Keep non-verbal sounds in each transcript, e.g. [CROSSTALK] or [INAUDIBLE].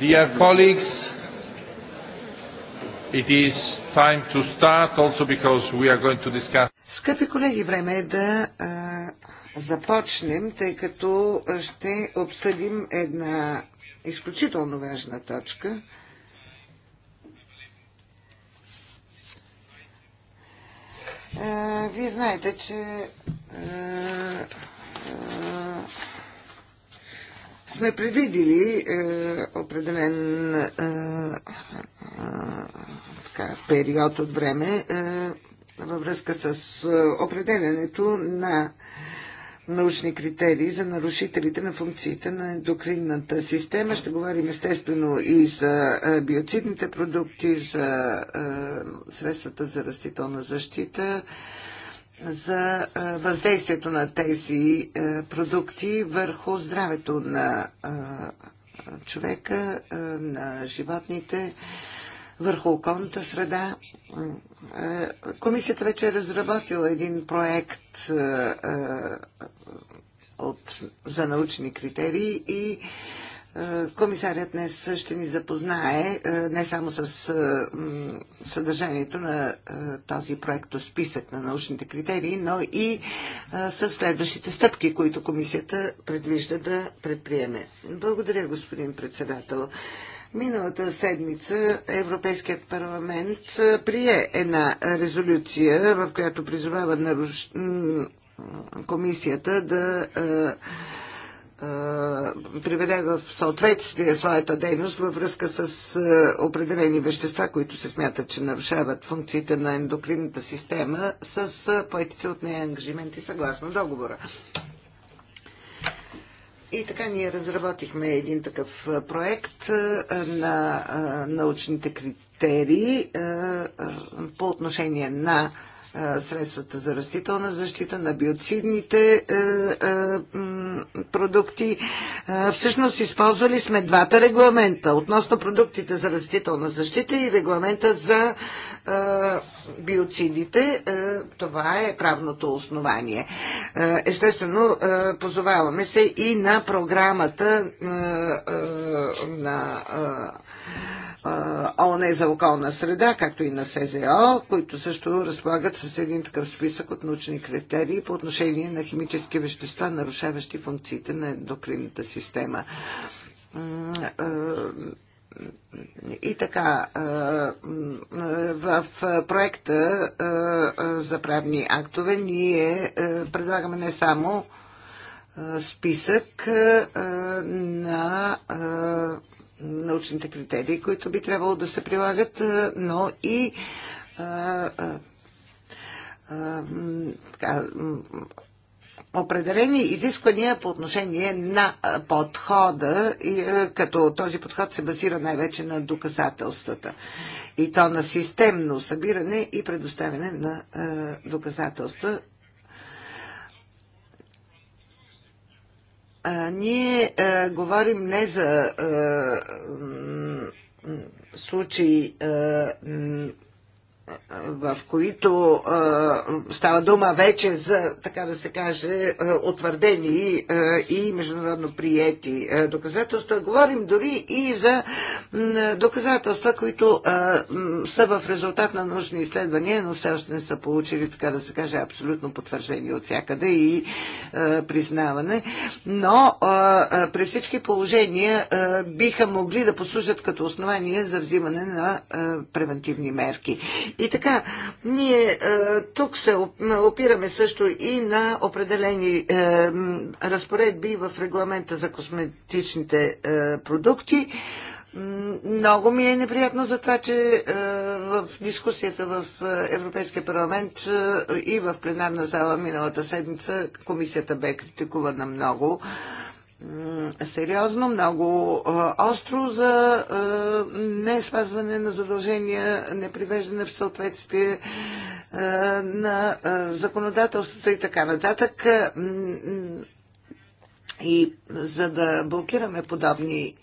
Dear colleagues, it is time to start also because we are going to discuss. Скъпи колеги, време е да а, започнем, тъй като ще обсъдим една изключително важна точка. А, вие знаете, че а, а, сме предвидили е, определен е, е, така, период от време е, във връзка с е, определенето на научни критерии за нарушителите на функциите на ендокринната система. Ще говорим естествено и за е, биоцидните продукти, за е, средствата за растителна защита, за въздействието на тези продукти върху здравето на човека, на животните, върху околната среда. Комисията вече е разработила един проект за научни критерии и е, комисарят днес ще ни запознае е, не само с е, съдържанието на този проект списък на научните критерии, но и с следващите стъпки, които комисията предвижда да предприеме. Благодаря, господин председател. Миналата седмица Европейският парламент прие една резолюция, в която призовава комисията да е, приведе в съответствие своята дейност във връзка с е, определени вещества, които се смятат, че нарушават функциите на ендокринната система с е, поетите от нея ангажименти съгласно договора. И така ние разработихме един такъв проект на научните критерии по отношение на средствата за растителна защита, на биоцидните е, е, продукти. Всъщност използвали сме двата регламента относно продуктите за растителна защита и регламента за биоцидите. Е, това е правното основание. Естествено, позоваваме се и на програмата на ООН е за околна среда, както и на СЗО, които също разполагат с един такъв списък от научни критерии по отношение на химически вещества, нарушаващи функциите на ендокринната система. И така, в проекта за правни актове ние предлагаме не само списък на научните критерии, които би трябвало да се прилагат, но и а, определени изисквания по отношение на подхода, като този подход се базира най-вече на доказателствата. И то на системно събиране и предоставяне на доказателства А, ние а, говорим не за а, случаи а, в които става дума вече за, така да се каже, утвърдени и международно приети доказателства. Говорим дори и за доказателства, които са в резултат на научни изследвания, но все още не са получили, така да се каже, абсолютно потвърждение от всякъде и признаване. Но при всички положения биха могли да послужат като основание за взимане на превентивни мерки. И така, ние е, тук се опираме също и на определени е, разпоредби в регламента за косметичните е, продукти. Много ми е неприятно за това, че в дискусията в Европейския парламент и в пленарна зала миналата седмица комисията бе критикувана много сериозно, много остро за не спазване на задължения, не привеждане в съответствие на законодателството и така нататък. И за да блокираме подобни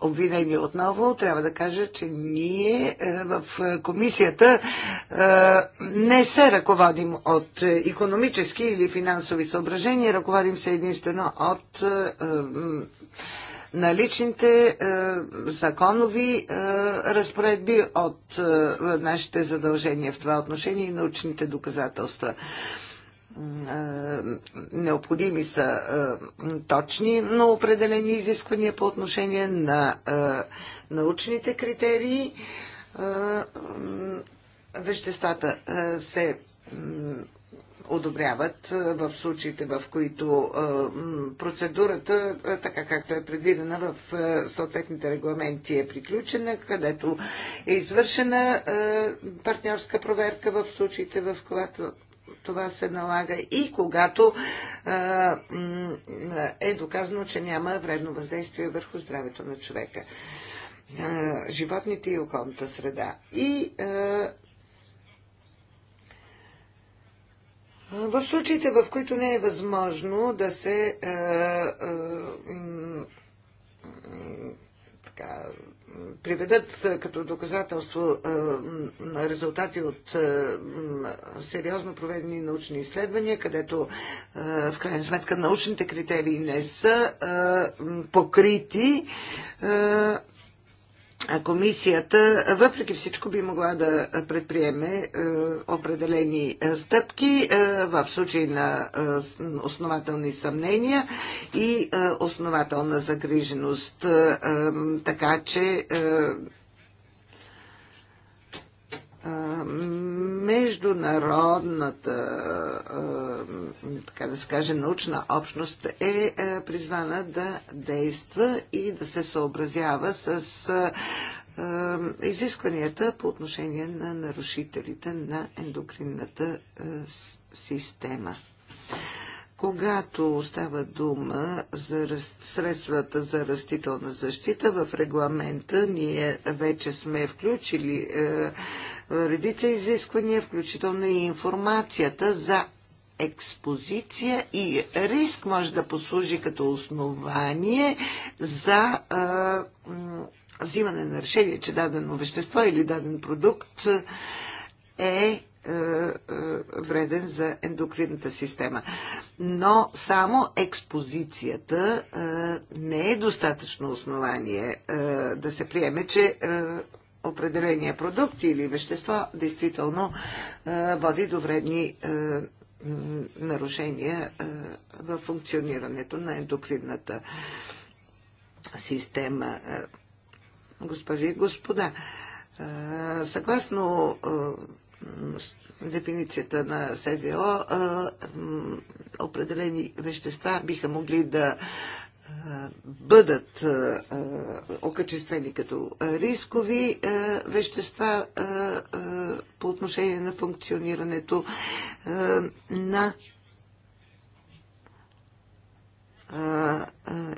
обвинение отново, трябва да кажа, че ние в комисията не се ръководим от економически или финансови съображения, ръководим се единствено от наличните законови разпоредби от нашите задължения в това отношение и научните доказателства необходими са точни, но определени изисквания по отношение на научните критерии. Веществата се одобряват в случаите, в които процедурата, така както е предвидена в съответните регламенти, е приключена, където е извършена партньорска проверка в случаите, в, които това се налага и когато е доказано, че няма вредно въздействие върху здравето на човека, животните и околната среда. И в случаите, в които не е възможно да се така, приведат е, като доказателство на е, резултати от е, сериозно проведени научни изследвания, където в крайна сметка научните критерии не са покрити комисията, въпреки всичко, би могла да предприеме е, определени е, стъпки е, в случай на основателни съмнения и основателна загриженост. Така че международната, така да се каже, научна общност е призвана да действа и да се съобразява с изискванията по отношение на нарушителите на ендокринната система. Когато става дума за средствата за растителна защита, в регламента ние вече сме включили е, редица изисквания, включително и информацията за експозиция и риск може да послужи като основание за е, взимане на решение, че дадено вещество или даден продукт е е, е, вреден за ендокринната система. Но само експозицията е, не е достатъчно основание да се приеме, че определения продукт или вещество действително води до вредни нарушения в функционирането на ендокринната система. Госпожи и господа, съгласно дефиницията на СЗО определени вещества биха могли да бъдат окачествени като рискови вещества по отношение на функционирането на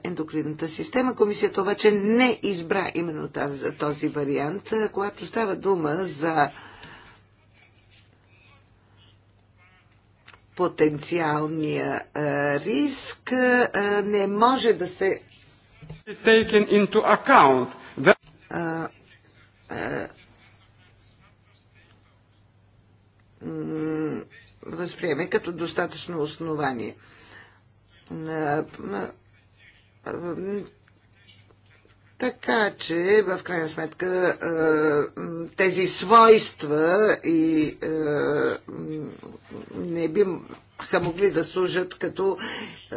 ендокринната система. Комисията обаче не избра именно този вариант, когато става дума за потенциалния риск не може да се възприеме като достатъчно основание. Така че, в крайна сметка, е, тези свойства и е, не биха могли да служат като е,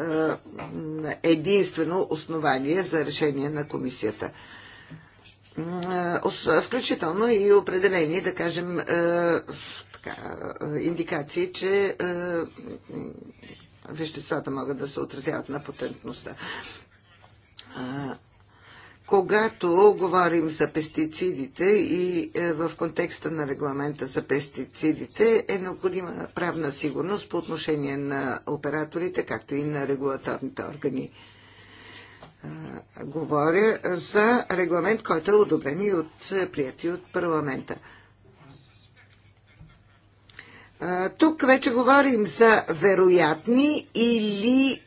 единствено основание за решение на комисията. Включително и определени, да кажем, така, индикации, че веществата могат да се отразяват на потентността когато говорим за пестицидите и е, в контекста на регламента за пестицидите е необходима правна сигурност по отношение на операторите, както и на регулаторните органи. Е, говоря за регламент, който е одобрен и от, е, прияти от парламента. Тук вече говорим за вероятни или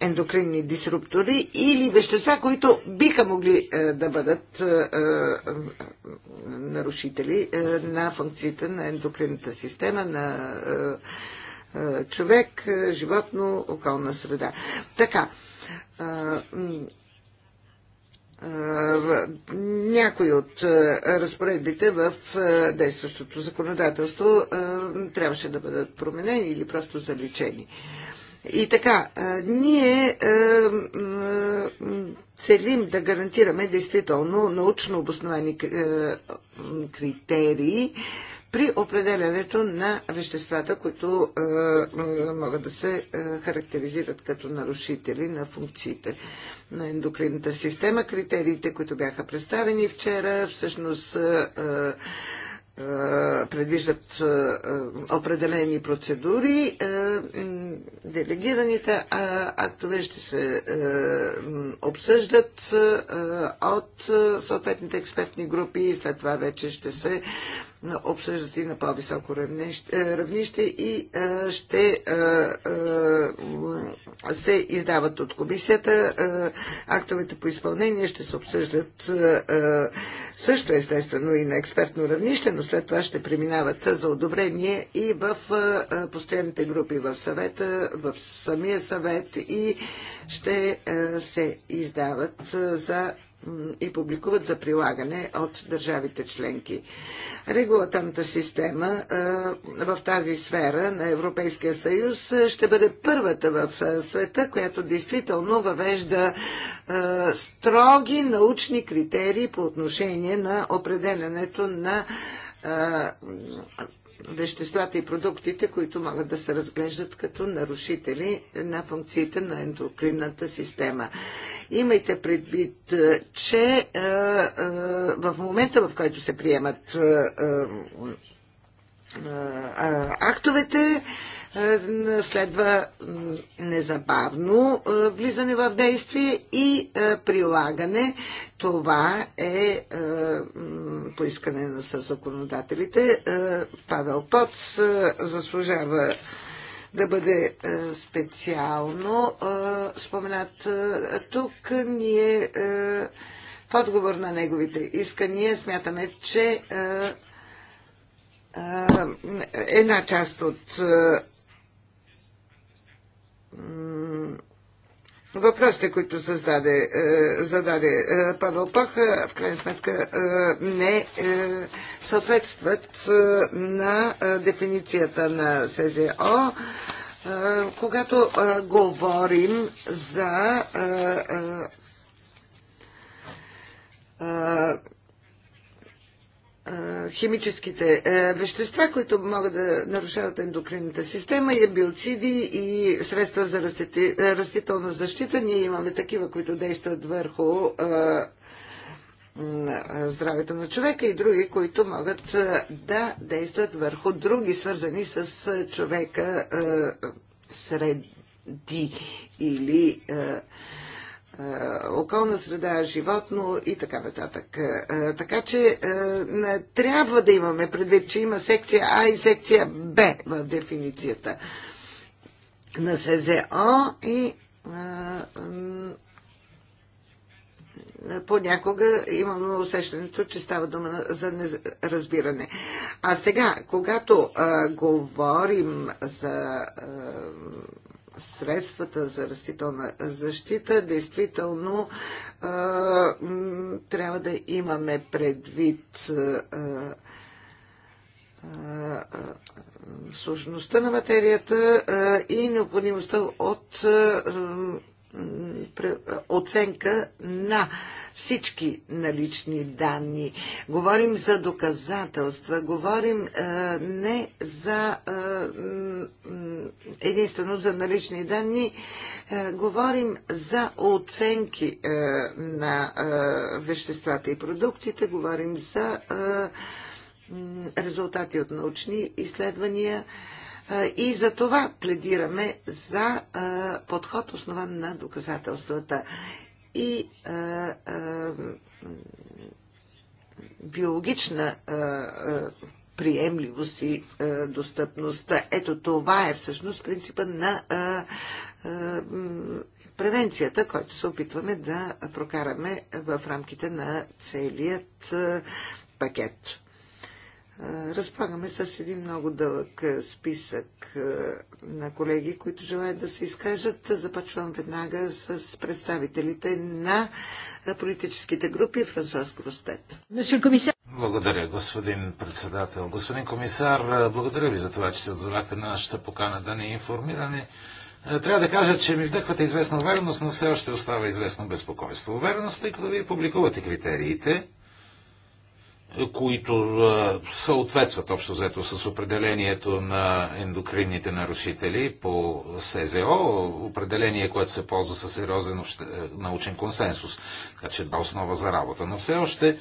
ендокринни дисруптори или вещества, които биха могли да бъдат нарушители на функциите на ендокринната система, на човек, животно, околна среда. Така някои от разпоредбите в действащото законодателство трябваше да бъдат променени или просто заличени. И така, ние целим да гарантираме действително научно обосновани критерии при определянето на веществата, които могат да се характеризират като нарушители на функциите на ендокринната система. Критериите, които бяха представени вчера, всъщност предвиждат определени процедури. Делегираните актове ще се обсъждат от съответните експертни групи и след това вече ще се обсъждат и на по-високо равнище е, и е, ще е, се издават от комисията. Актовете по изпълнение ще се обсъждат също естествено и на експертно равнище, но след това ще преминават за одобрение и в постоянните групи в съвета, в самия съвет и ще се издават за и публикуват за прилагане от държавите членки. Регулаторната система в тази сфера на Европейския съюз ще бъде първата в света, която действително въвежда строги научни критерии по отношение на определенето на веществата и продуктите, които могат да се разглеждат като нарушители на функциите на ендокринната система. Имайте предвид, е, че е, е, в момента, в който се приемат актовете, е, следва незабавно е, влизане в действие и е, прилагане. Това е поискане на законодателите. Павел Поц заслужава да бъде специално споменат тук. Ние в отговор на неговите искания смятаме, че една част от въпросите, които създаде, е, зададе е, Павел Пах, е, в крайна сметка не съответстват на дефиницията на СЗО. Когато говорим за химическите вещества, които могат да нарушават ендокринната система и биоциди и средства за растителна защита. Ние имаме такива, които действат върху здравето на човека и други, които могат да действат върху други, свързани с човека среди или е, околна среда, животно и така нататък. Е, е, така че трябва да имаме предвид, че има секция А и секция Б в дефиницията на СЗО и понякога имаме усещането, че става дума за неразбиране. А сега, когато а, говорим за а, средствата за растителна защита, действително а, трябва да имаме предвид а, а, сложността на материята и необходимостта от оценка на всички налични данни. Говорим за доказателства, говорим е, не за е, единствено за налични данни, е, говорим за оценки на веществата и продуктите, говорим за резултати от научни изследвания. И за това пледираме за подход основан на доказателствата. И биологична приемливост и достъпността. Ето това е всъщност принципа на превенцията, който се опитваме да прокараме в рамките на целият пакет разполагаме с един много дълъг списък на колеги, които желаят да се изкажат. Започвам веднага с представителите на политическите групи Франсуас Кростет. Благодаря, господин председател. Господин комисар, благодаря ви за това, че се отзовахте на нашата покана да не информиране. Трябва да кажа, че ми вдъхвате известна увереност, но все още остава известно безпокойство. Увереност, тъй като вие публикувате критериите, които съответстват общо взето с определението на ендокринните нарушители по СЗО, определение, което се ползва със сериозен е, научен консенсус. Така че това е основа за работа. Но все още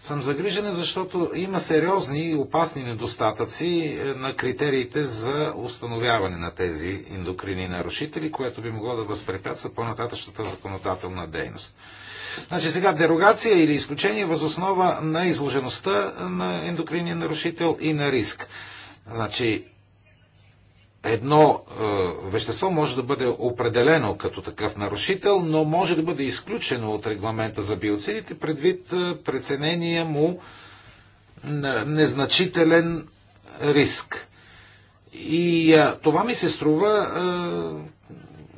съм загрижен, защото има сериозни и опасни недостатъци е, на критериите за установяване на тези ендокрини нарушители, което би могло да възпрепятства по-нататъчната законодателна дейност. Значи сега дерогация или изключение възоснова на изложеността на ендокринния нарушител и на риск. Значи едно е, вещество може да бъде определено като такъв нарушител, но може да бъде изключено от регламента за биоцидите предвид е, преценения му на незначителен риск. И а, е, това ми се струва е,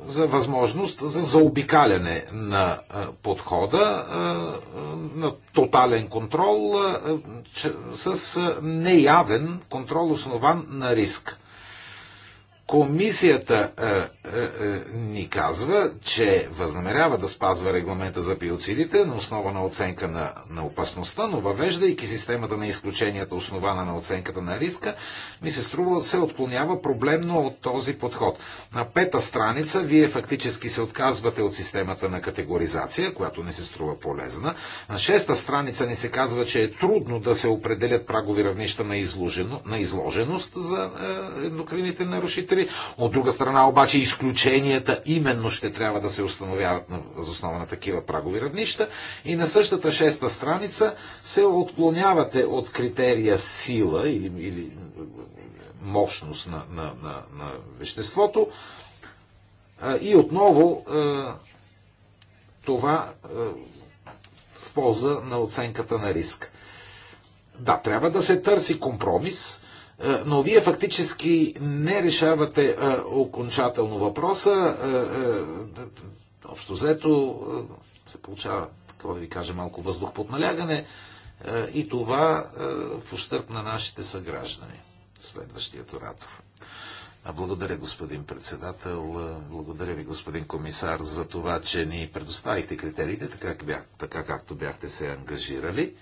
за възможност за заобикаляне на подхода, на тотален контрол с неявен контрол, основан на риск. Комисията а, а, а, ни казва, че възнамерява да спазва регламента за биоцидите на основа на оценка на, на опасността, но въвеждайки системата на изключенията, основана на оценката на риска, ми се струва, се отклонява проблемно от този подход. На пета страница вие фактически се отказвате от системата на категоризация, която не се струва полезна. На шеста страница ни се казва, че е трудно да се определят прагови равнища на, изложено, на изложеност за е, ендокрините нарушители служители. От друга страна обаче изключенията именно ще трябва да се установяват на, основа на такива прагови равнища. И на същата шеста страница се отклонявате от критерия сила или, или мощност на, на, на, на веществото. И отново това в полза на оценката на риск. Да, трябва да се търси компромис, е, но вие фактически не решавате е, окончателно въпроса. Е, общо взето се получава, какво да ви кажа, малко въздух под налягане и това в ущърп на нашите съграждани. Следващият оратор. Благодаря, господин председател. Благодаря ви, господин комисар, за това, че ни предоставихте критериите, така, как бях, така както бяхте се ангажирали.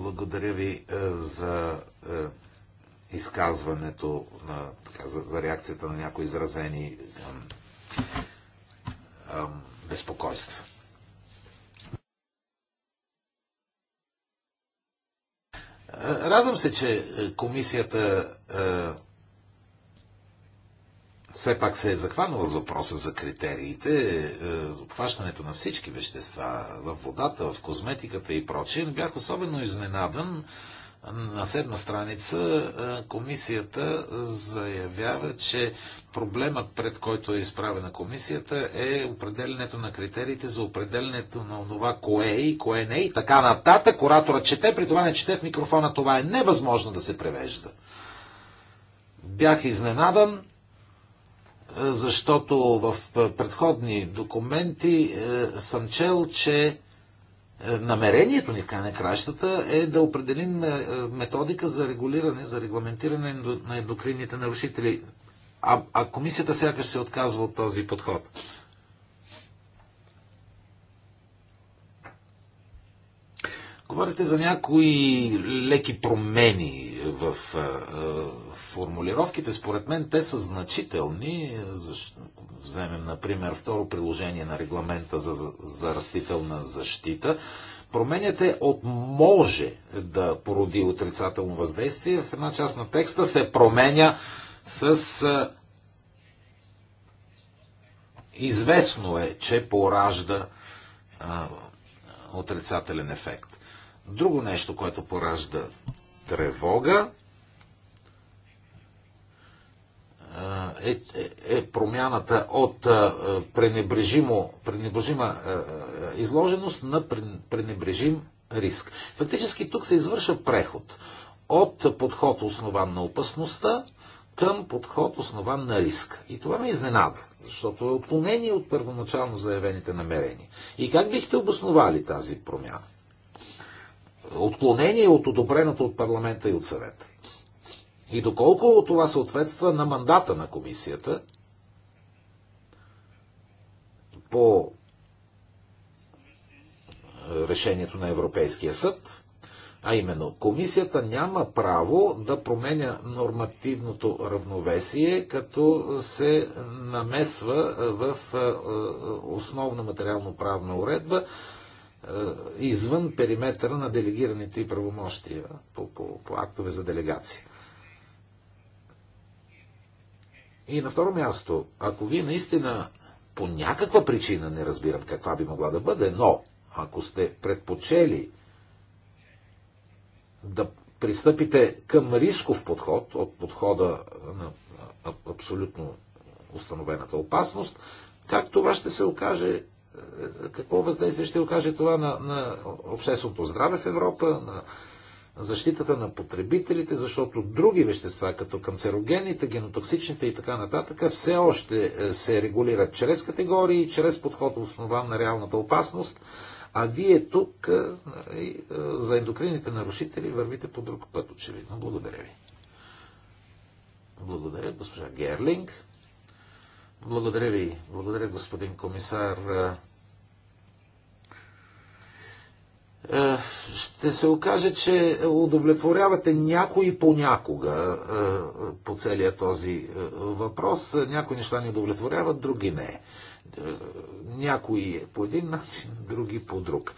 Благодаря ви е, за е, изказването, на, така, за, за реакцията на някои изразени ам, ам, безпокойства. Е, радвам се, че комисията все пак се е захванала за въпроса за критериите, е, за обхващането на всички вещества в водата, в козметиката и но Бях особено изненадан. На седма страница е, комисията заявява, че проблемът, пред който е изправена комисията, е определенето на критериите за определенето на това, кое е и кое не е и така нататък. Оратора чете, при това не чете в микрофона, това е невъзможно да се превежда. Бях изненадан, защото в предходни документи е, съм чел, че е, намерението ни в край на кращата е да определим е, методика за регулиране, за регламентиране на ендокринните нарушители. А, а комисията сякаш се отказва от този подход. Говорите за някои леки промени в формулировките. Според мен те са значителни. вземем, например, второ приложение на регламента за, за растителна защита. Променяте от може да породи отрицателно въздействие. В една част на текста се променя с известно е, че поражда а, отрицателен ефект. Друго нещо, което поражда тревога, е, е, е промяната от е, пренебрежимо, пренебрежима е, е, изложеност на пренебрежим риск. Фактически тук се извършва преход от подход основан на опасността към подход основан на риск. И това ме изненада, защото е отклонение от първоначално заявените намерения. И как бихте обосновали тази промяна? Отклонение от одобреното от парламента и от съвета. И доколко това съответства на мандата на комисията по решението на Европейския съд, а именно, комисията няма право да променя нормативното равновесие, като се намесва в е, е, основна материално-правна уредба е, извън периметъра на делегираните и правомощия по, по, по актове за делегация. И на второ място, ако вие наистина по някаква причина, не разбирам каква би могла да бъде, но ако сте предпочели да пристъпите към рисков подход от подхода на абсолютно установената опасност, как това ще се окаже, е, какво въздействие ще окаже това на, на общественото здраве в Европа, на защитата на потребителите, защото други вещества, като канцерогените, генотоксичните и така нататък, все още е, се регулират чрез категории, чрез подход основан на реалната опасност, а вие тук е, е, за ендокрините нарушители вървите по друг път, очевидно. Благодаря ви. Благодаря, госпожа Герлинг. Благодаря ви. Благодаря, господин комисар. Е, ще се окаже, че удовлетворявате някои понякога е, по целия този е, въпрос. Някои неща ни удовлетворяват, други не. Някои по един начин, [LAUGHS] други по друг.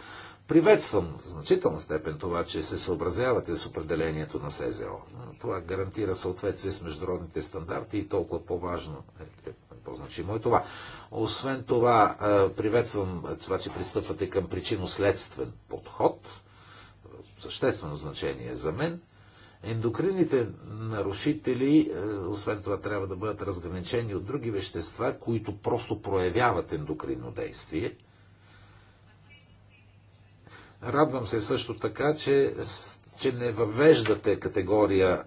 Приветствам в значителна степен това, че се съобразявате с определението на СЗО. Това гарантира съответствие с международните стандарти и толкова по-важно е по-значимо е това. Освен това, е, приветствам това, че пристъпвате към причинно-следствен подход. Съществено значение е за мен. Ендокрините нарушители, е, освен това, трябва да бъдат разграничени от други вещества, които просто проявяват ендокринно действие. Радвам се също така, че, че не въвеждате категория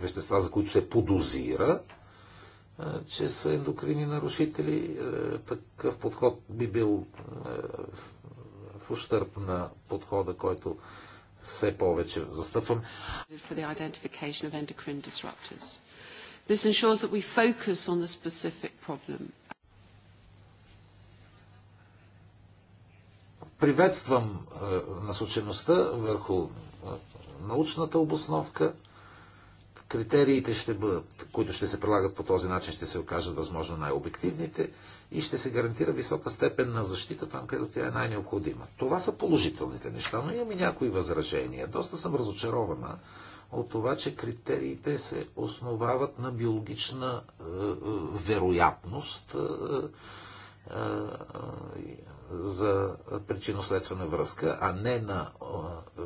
вещества, за които се подозира, че са ендокрини нарушители. Такъв подход би бил в ущърп на подхода, който все повече застъпвам. Приветствам насочеността върху научната обосновка Критериите, ще бъдат, които ще се прилагат по този начин, ще се окажат възможно най-обективните и ще се гарантира висока степен на защита там, където тя е най-необходима. Това са положителните неща, но имам и някои възражения. Доста съм разочарована от това, че критериите се основават на биологична е, е, вероятност е, е, е за причинно-следствена връзка, а не на е, е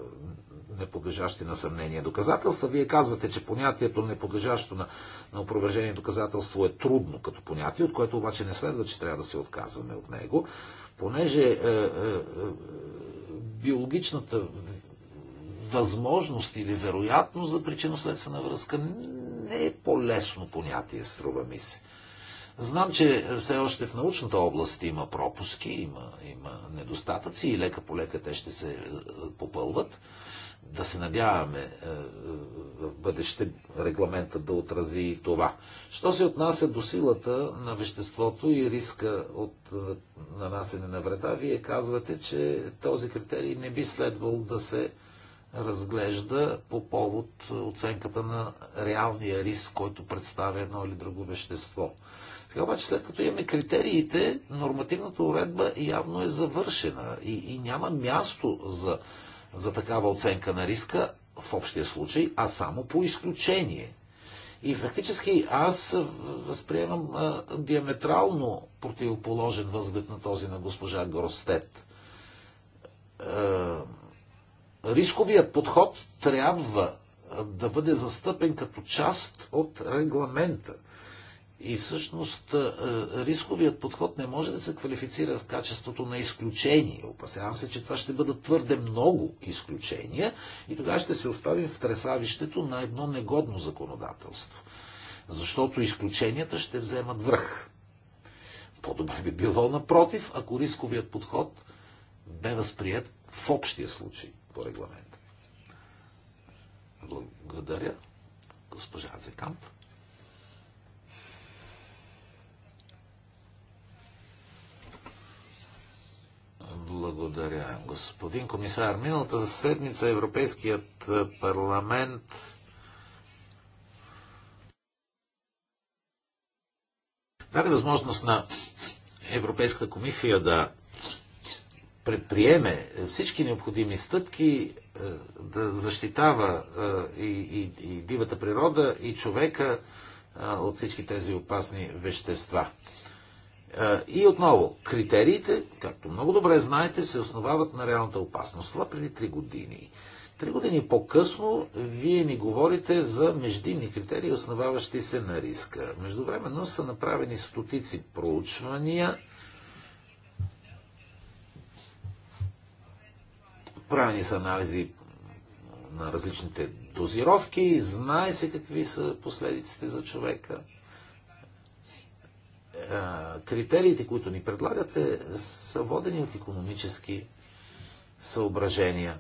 неподлежащи на съмнение доказателства. Вие казвате, че понятието неподлежащо на, на опровержение доказателство е трудно като понятие, от което обаче не следва, че трябва да се отказваме от него, понеже е, е, е, биологичната възможност или вероятност за причинно-следствена връзка не е по-лесно понятие, струва ми се. Знам, че все още в научната област има пропуски, има, има недостатъци и лека по лека те ще се е, попълват да се надяваме е, е, в бъдеще регламентът да отрази и това. Що се отнася до силата на веществото и риска от е, нанасене на вреда, вие казвате, че този критерий не би следвал да се разглежда по повод оценката на реалния риск, който представя едно или друго вещество. Сега обаче, след като имаме критериите, нормативната уредба явно е завършена и, и няма място за за такава оценка на риска в общия случай, а само по изключение. И фактически аз възприемам диаметрално противоположен възглед на този на госпожа Горстет. Рисковият подход трябва да бъде застъпен като част от регламента. И всъщност е, е, рисковият подход не може да се квалифицира в качеството на изключение. Опасявам се, че това ще бъдат твърде много изключения и тогава ще се оставим в тресавището на едно негодно законодателство. Защото изключенията ще вземат връх. По-добре би било напротив, ако рисковият подход бе възприят в общия случай по регламента. Благодаря, госпожа Зекамп. Благодаря, господин комисар. Миналата седмица Европейският парламент даде възможност на Европейската комисия да предприеме всички необходими стъпки е, да защитава е, и, и, и дивата природа, и човека е, от всички тези опасни вещества. И отново, критериите, както много добре знаете, се основават на реалната опасност. Това преди три години. Три години по-късно вие ни говорите за междинни критерии, основаващи се на риска. Междувременно са направени стотици проучвания, правени са анализи на различните дозировки, знае се какви са последиците за човека – критериите, които ни предлагате, са водени от економически съображения.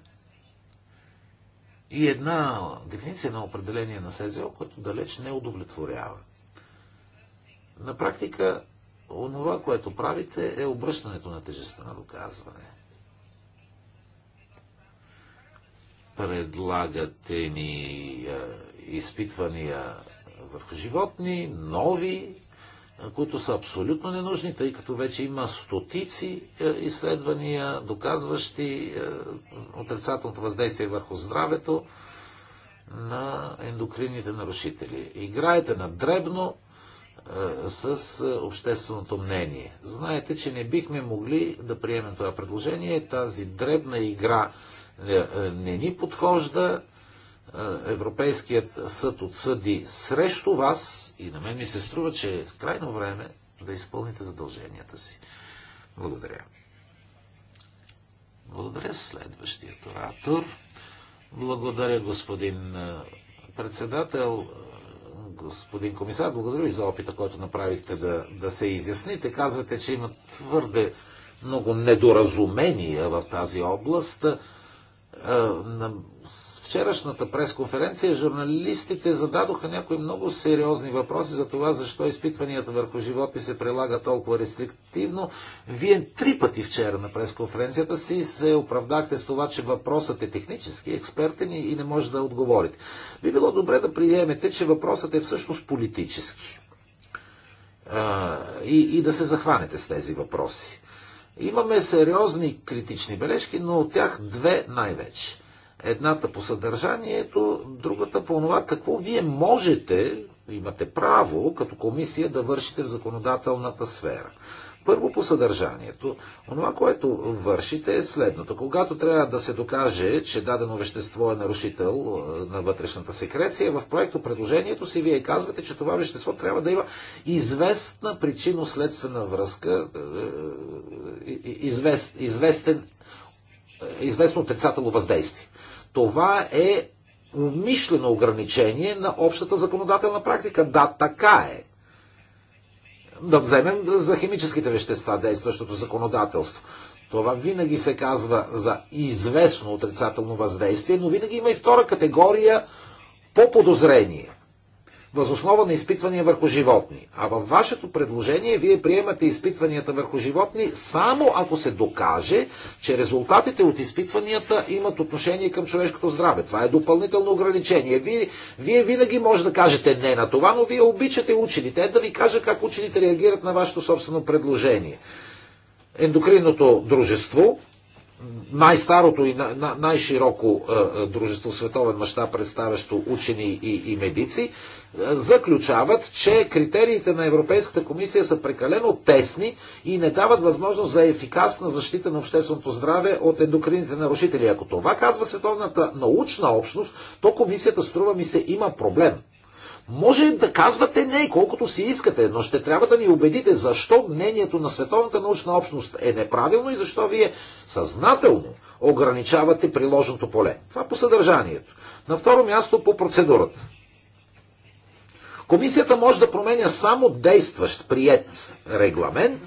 И една дефиниция на определение на СЗО, което далеч не удовлетворява. На практика, онова, което правите, е обръщането на тежестта на доказване. Предлагате ни изпитвания върху животни, нови, които са абсолютно ненужни, тъй като вече има стотици е, изследвания, доказващи е, отрицателното въздействие върху здравето на ендокринните нарушители. Играете на дребно е, с общественото мнение. Знаете, че не бихме могли да приемем това предложение. Тази дребна игра не ни подхожда е, Европейският съд отсъди срещу вас и на мен ми се струва, че е крайно време да изпълните задълженията си. Благодаря. Благодаря следващият оратор. Благодаря господин е, председател, е, господин комисар. Благодаря ви за опита, който направихте да, да се изясните. Казвате, че има твърде много недоразумения в тази област. На вчерашната пресконференция журналистите зададоха някои много сериозни въпроси за това, защо изпитванията върху животни се прилага толкова рестриктивно. Вие три пъти вчера на пресконференцията си се оправдахте с това, че въпросът е технически, експертен и не може да отговорите. Би било добре да приемете, че въпросът е всъщност политически. и, и да се захванете с тези въпроси. Имаме сериозни критични бележки, но от тях две най-вече. Едната по съдържанието, другата по това какво вие можете, имате право като комисия да вършите в законодателната сфера. Първо по съдържанието. Онова, което вършите е следното. Когато трябва да се докаже, че дадено вещество е нарушител е, на вътрешната секреция, в проекто предложението си вие казвате, че това вещество трябва да има известна причинно-следствена връзка, е, е, извест, известен, известно отрицателно въздействие. Това е умишлено ограничение на общата законодателна практика. Да, така е. Да вземем за химическите вещества действащото законодателство. Това винаги се казва за известно отрицателно въздействие, но винаги има и втора категория по подозрение – възоснова на изпитвания върху животни. А във вашето предложение вие приемате изпитванията върху животни само ако се докаже, че резултатите от изпитванията имат отношение към човешкото здраве. Това е допълнително ограничение. Вие, вие винаги може да кажете не на това, но вие обичате учените. Е да ви кажа как учените реагират на вашето собствено предложение. Ендокринното дружество най-старото и най-широко е, е, дружество в световен мащаб, представящо учени и, и медици, е, заключават, че критериите на Европейската комисия са прекалено тесни и не дават възможност за ефикасна защита на общественото здраве от ендокрините нарушители. Ако това казва световната научна общност, то комисията струва ми се има проблем. Може да казвате не, колкото си искате, но ще трябва да ни убедите защо мнението на световната научна общност е неправилно и защо вие съзнателно ограничавате приложното поле. Това по съдържанието. На второ място по процедурата. Комисията може да променя само действащ прият регламент,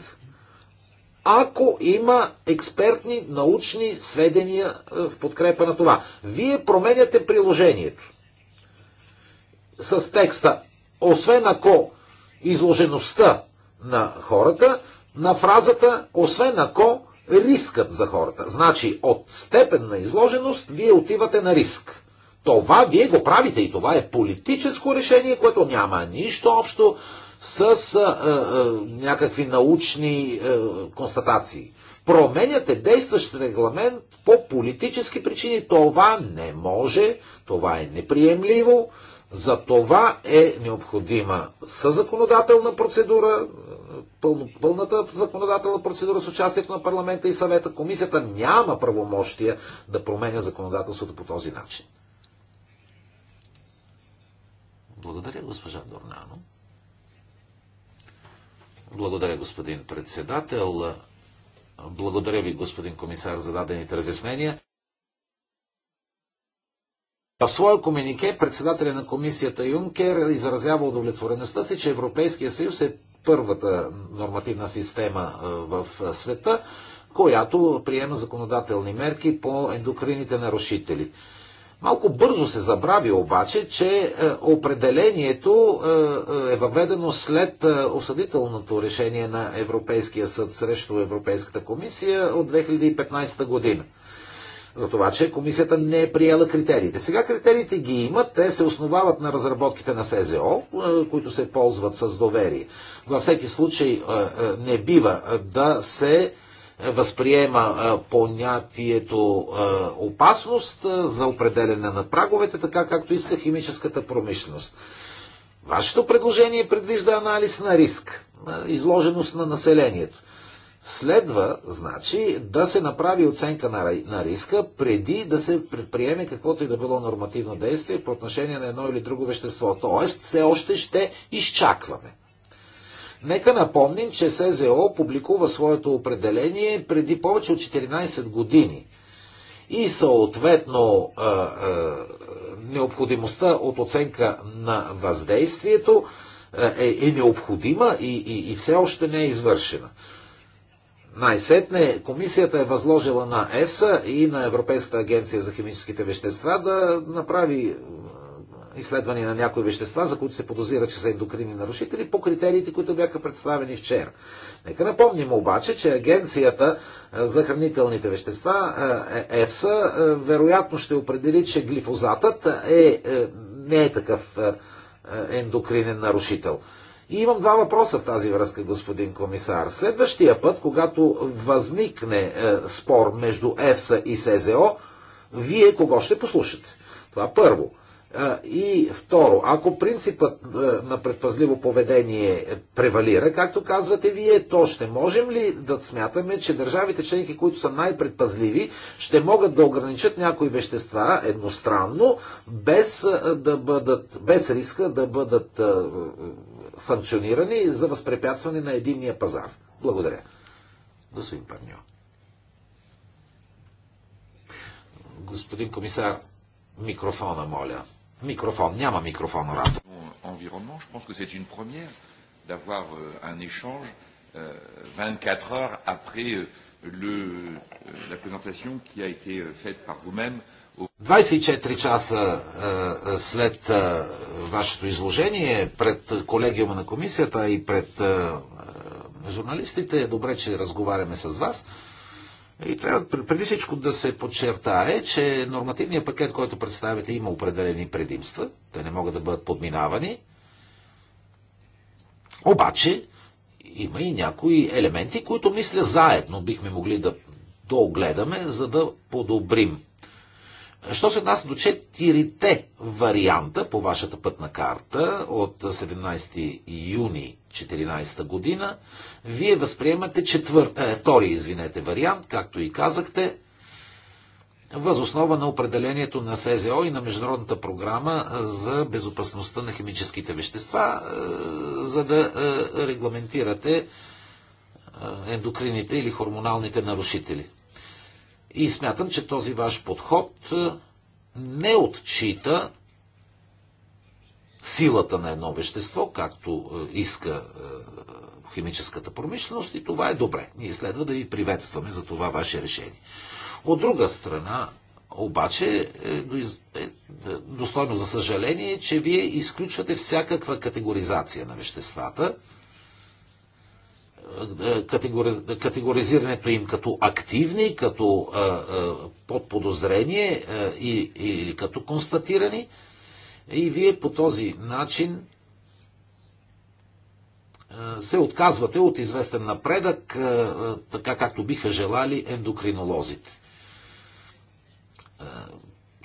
ако има експертни научни сведения е, в подкрепа на това. Вие променяте приложението с текста, освен ако изложеността на хората, на фразата, освен ако рискът за хората. Значи, от степен на изложеност вие отивате на риск. Това вие го правите и това е политическо решение, което няма нищо общо с а, а, някакви научни а, констатации. Променяте действащ регламент по политически причини. Това не може, това е неприемливо. За това е необходима със законодателна процедура, пълната законодателна процедура с участието на парламента и съвета. Комисията няма правомощия да променя законодателството по този начин. Благодаря, госпожа Дорнано. Благодаря, господин председател. Благодаря ви, господин комисар, за дадените разяснения. В своя комюнике председателя на комисията Юнкер изразява удовлетвореността си, че Европейския съюз е първата нормативна система в света, която приема законодателни мерки по ендокрините нарушители. Малко бързо се забрави обаче, че определението е въведено след осъдителното решение на Европейския съд срещу Европейската комисия от 2015 година за това, че комисията не е приела критериите. Сега критериите ги имат, те се основават на разработките на СЗО, които се ползват с доверие. Във всеки случай не бива да се възприема понятието опасност за определене на праговете, така както иска химическата промишленост. Вашето предложение предвижда анализ на риск, изложеност на населението. Следва, значи, да се направи оценка на, на риска преди да се предприеме каквото и да било нормативно действие по отношение на едно или друго вещество. Тоест, все още ще изчакваме. Нека напомним, че СЗО публикува своето определение преди повече от 14 години и съответно необходимостта от оценка на въздействието е, е необходима и, и, и все още не е извършена. Най-сетне комисията е възложила на ЕФСА и на Европейската агенция за химическите вещества да направи изследвания на някои вещества, за които се подозира, че са ендокринни нарушители, по критериите, които бяха представени вчера. Нека напомним обаче, че Агенцията за хранителните вещества, е, ЕФСА, вероятно ще определи, че глифозатът е, е не е такъв ендокринен нарушител. И имам два въпроса в тази връзка, господин комисар. Следващия път, когато възникне е, спор между ЕФСА и СЗО, вие кого ще послушате? Това първо. Е, и второ, ако принципът е, на предпазливо поведение превалира, както казвате вие, то ще можем ли да смятаме, че държавите членки, които са най-предпазливи, ще могат да ограничат някои вещества едностранно, без, да бъдат, без риска да бъдат и за възпрепятстване на единния пазар. Благодаря. Господин Парньо. Господин комисар, микрофона, моля. Микрофон. Няма микрофон, оратор. Environnement, je pense que c'est une première d'avoir euh, un échange 24 euh, heures après euh, le, la présentation qui a été faite par vous-même euh, 24 часа след вашето изложение пред колегиума на комисията и пред журналистите е добре, че разговаряме с вас. И трябва преди всичко да се подчертае, че нормативният пакет, който представяте, има определени предимства. Те не могат да бъдат подминавани. Обаче, има и някои елементи, които мисля заедно бихме могли да доогледаме, за да подобрим Що се отнася до четирите варианта по вашата пътна карта от 17 юни 2014 година, вие възприемате четвър... е, втори извинете, вариант, както и казахте, възоснова на определението на СЗО и на Международната програма е, за безопасността на химическите вещества, е, за да е, регламентирате ендокрините или хормоналните нарушители. И смятам, че този ваш подход не отчита силата на едно вещество, както иска химическата промишленост и това е добре. Ние следва да ви приветстваме за това ваше решение. От друга страна, обаче, е, е достойно за съжаление, че вие изключвате всякаква категоризация на веществата, е, категоризирането им като активни, като е, е, под подозрение или като констатирани. И вие по този начин се отказвате от известен напредък, така както биха желали ендокринолозите.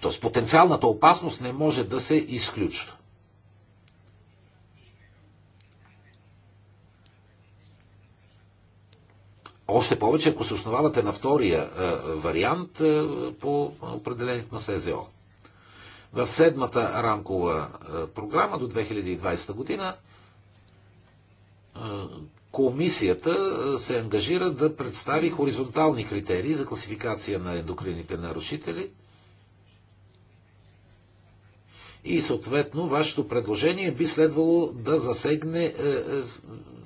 Тоест потенциалната опасност не може да се изключва. Още повече, ако се основавате на втория е, вариант е, по определението на СЗО. В седмата рамкова е, програма до 2020 година комисията се ангажира да представи хоризонтални критерии за класификация на ендокрините нарушители – и съответно, вашето предложение би следвало да засегне е, е,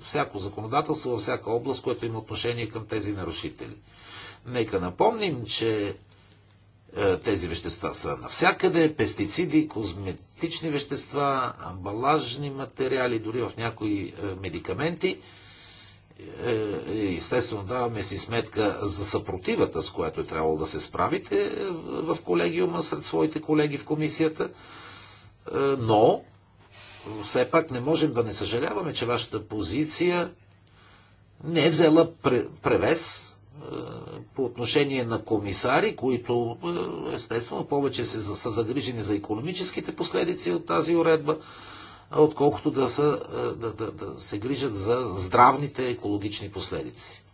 всяко законодателство във всяка област, което има отношение към тези нарушители. Нека напомним, че е, тези вещества са навсякъде, пестициди, козметични вещества, амбалажни материали, дори в някои медикаменти естествено даваме си сметка за съпротивата, с която е трябвало да се справите в колегиума сред своите колеги в комисията. Е, но все пак не можем да не съжаляваме, че вашата позиция не е взела превес е, по отношение на комисари, които е, естествено повече са загрижени за економическите последици от тази уредба, отколкото да, са, да, да, да се грижат за здравните екологични последици.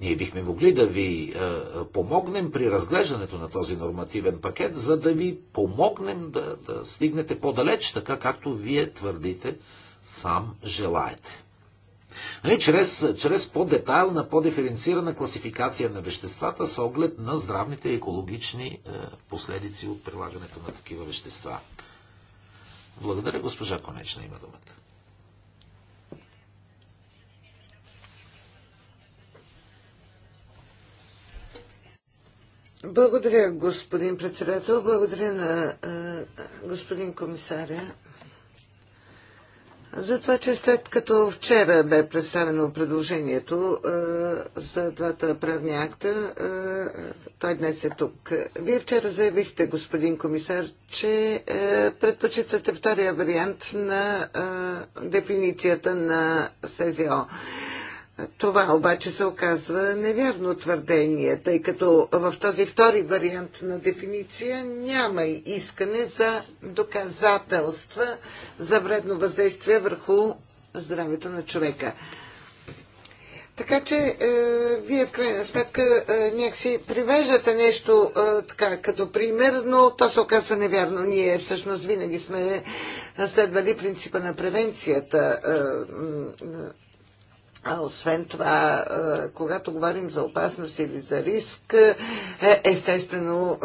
Ние бихме могли да ви е, е, помогнем при разглеждането на този нормативен пакет, за да ви помогнем да, да стигнете по-далеч, така както вие твърдите сам желаете. Нали, чрез, чрез по-детайлна, по-диференцирана класификация на веществата с оглед на здравните и екологични е, последици от прилагането на такива вещества. Благодаря, госпожа Конечна има думата. Благодаря, господин председател. Благодаря на господин комисаря за това, че след като вчера бе представено предложението за двата правни акта, той днес е тук. Вие вчера заявихте, господин комисар, че предпочитате втория вариант на дефиницията на СЗО. Това обаче се оказва невярно твърдение, тъй като в този втори вариант на дефиниция няма и искане за доказателства за вредно въздействие върху здравето на човека. Така че е, вие в крайна сметка е, някакси привеждате нещо е, така като пример, но то се оказва невярно. Ние всъщност винаги сме следвали принципа на превенцията. Е, е, а освен това, когато говорим за опасност или за риск, е, естествено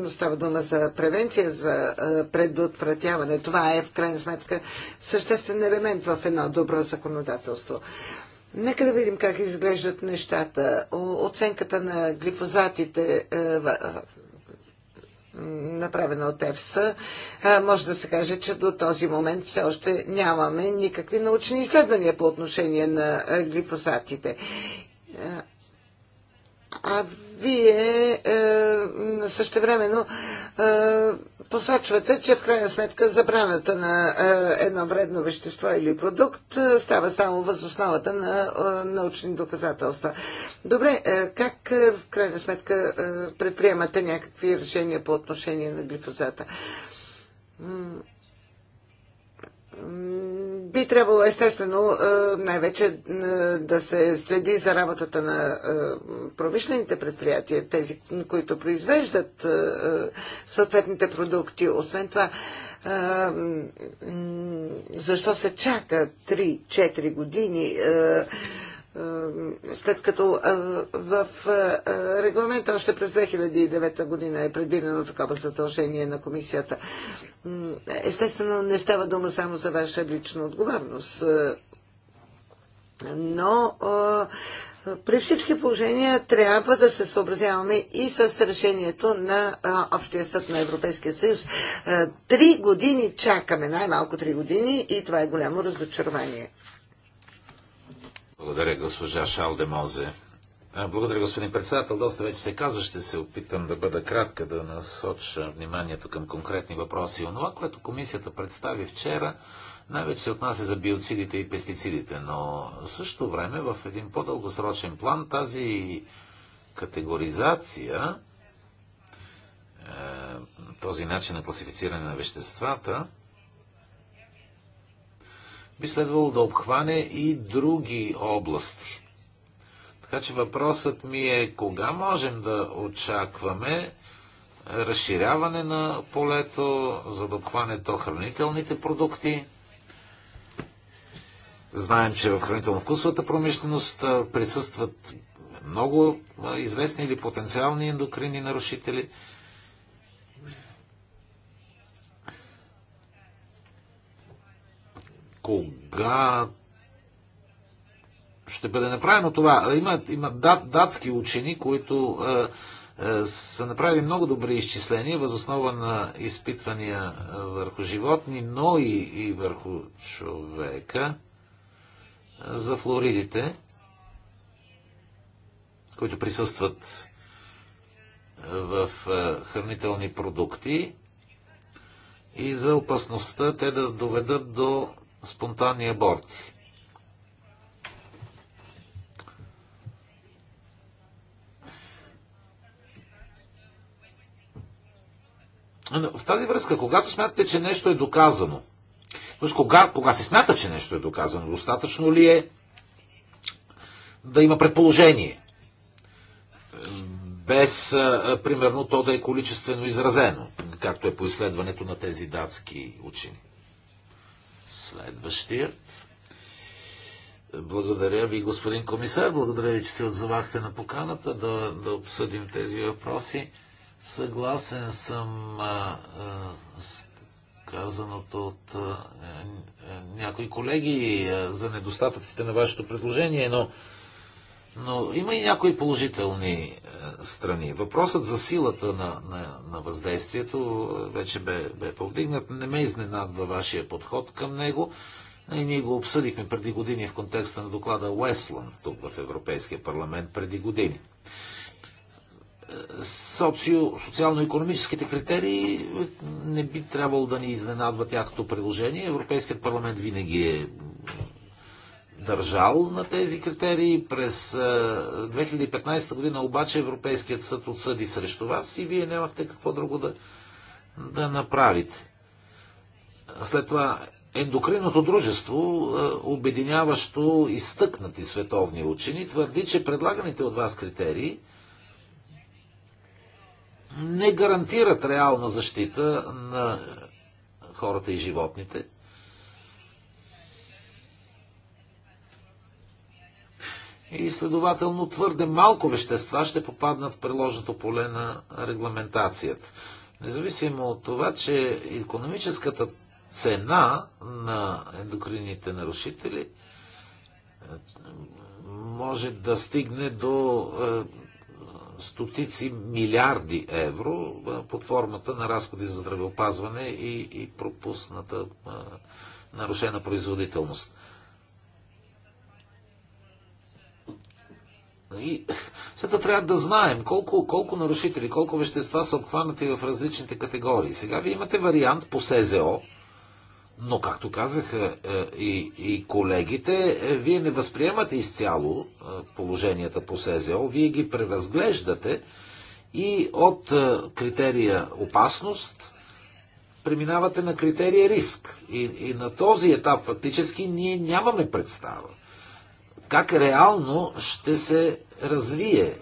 е, става дума за превенция, за е, предотвратяване. Това е в крайна сметка съществен елемент в едно добро законодателство. Нека да видим как изглеждат нещата. Оценката на глифозатите направена от ЕФСА, може да се каже, че до този момент все още нямаме никакви научни изследвания по отношение на глифосатите. А вие също времено посочвате, че в крайна сметка забраната на е, едно вредно вещество или продукт е, става само въз основата на е, научни доказателства. Добре, как в крайна сметка предприемате някакви решения по отношение на глифозата? би трябвало естествено е, най-вече е, да се следи за работата на е, промишлените предприятия, тези, които произвеждат съответните продукти. Освен това, защо се чака 3-4 години след като в регламента още през 2009 година е предвидено такова задължение на комисията. Естествено, не става дума само за ваша лична отговорност, но при всички положения трябва да се съобразяваме и с решението на Общия съд на Европейския съюз. Три години чакаме, най-малко три години и това е голямо разочарование. Благодаря, госпожа Шалдемозе. Благодаря, господин председател. Доста вече се каза, ще се опитам да бъда кратка, да насоча вниманието към конкретни въпроси. Онова, което комисията представи вчера, най-вече се отнася за биоцидите и пестицидите, но в същото време в един по-дългосрочен план тази категоризация, е, този начин на класифициране на веществата, би следвало да обхване и други области. Така че въпросът ми е кога можем да очакваме разширяване на полето, за да обхване то хранителните продукти. Знаем, че в хранително-вкусовата промишленост присъстват много известни или потенциални ендокринни нарушители – кога ще бъде направено това. Има, има дат, датски учени, които е, е, са направили много добри изчисления възоснова на изпитвания е, върху животни, но и, и върху човека за флоридите, които присъстват е, в е, хранителни продукти и за опасността те да доведат до спонтанни аборти. Но в тази връзка, когато смятате, че нещо е доказано, т.е. Кога, кога се смята, че нещо е доказано, достатъчно ли е да има предположение, без, примерно, то да е количествено изразено, както е по изследването на тези датски учени? Следващият. Благодаря ви, господин комисар. Благодаря ви, че се отзовахте на поканата да, да обсъдим тези въпроси. Съгласен съм а, а, с казаното от а, е, някои колеги а, за недостатъците на вашето предложение, но, но има и някои положителни страни. Въпросът за силата на, на, на въздействието вече бе, бе повдигнат. Не ме изненадва вашия подход към него. И ние го обсъдихме преди години в контекста на доклада Уестланд, тук в Европейския парламент преди години. Е, социо, социално-економическите критерии е, не би трябвало да ни изненадва тяхното предложение. Европейският парламент винаги е държал на тези критерии. През 2015 е, година обаче Европейският съд отсъди срещу вас и вие нямахте какво друго да, да направите. След това ендокриното дружество, е, обединяващо изтъкнати световни учени, твърди, че предлаганите от вас критерии не гарантират реална защита на хората и животните – и следователно твърде малко вещества ще попаднат в приложното поле на регламентацията. Независимо от това, че економическата цена на ендокрините нарушители е, може да стигне до е, стотици милиарди евро е, под формата на разходи за здравеопазване и, и пропусната нарушена производителност. И [LAUGHS] сега трябва да знаем колко, колко нарушители, колко вещества са обхванати в различните категории. Сега вие имате вариант по СЗО, но, както казаха е, и, и колегите, е, вие не възприемате изцяло е, положенията по СЗО, вие ги превъзглеждате и от критерия опасност преминавате на критерия риск. И, и на този етап фактически ние нямаме представа как реално ще се развие е,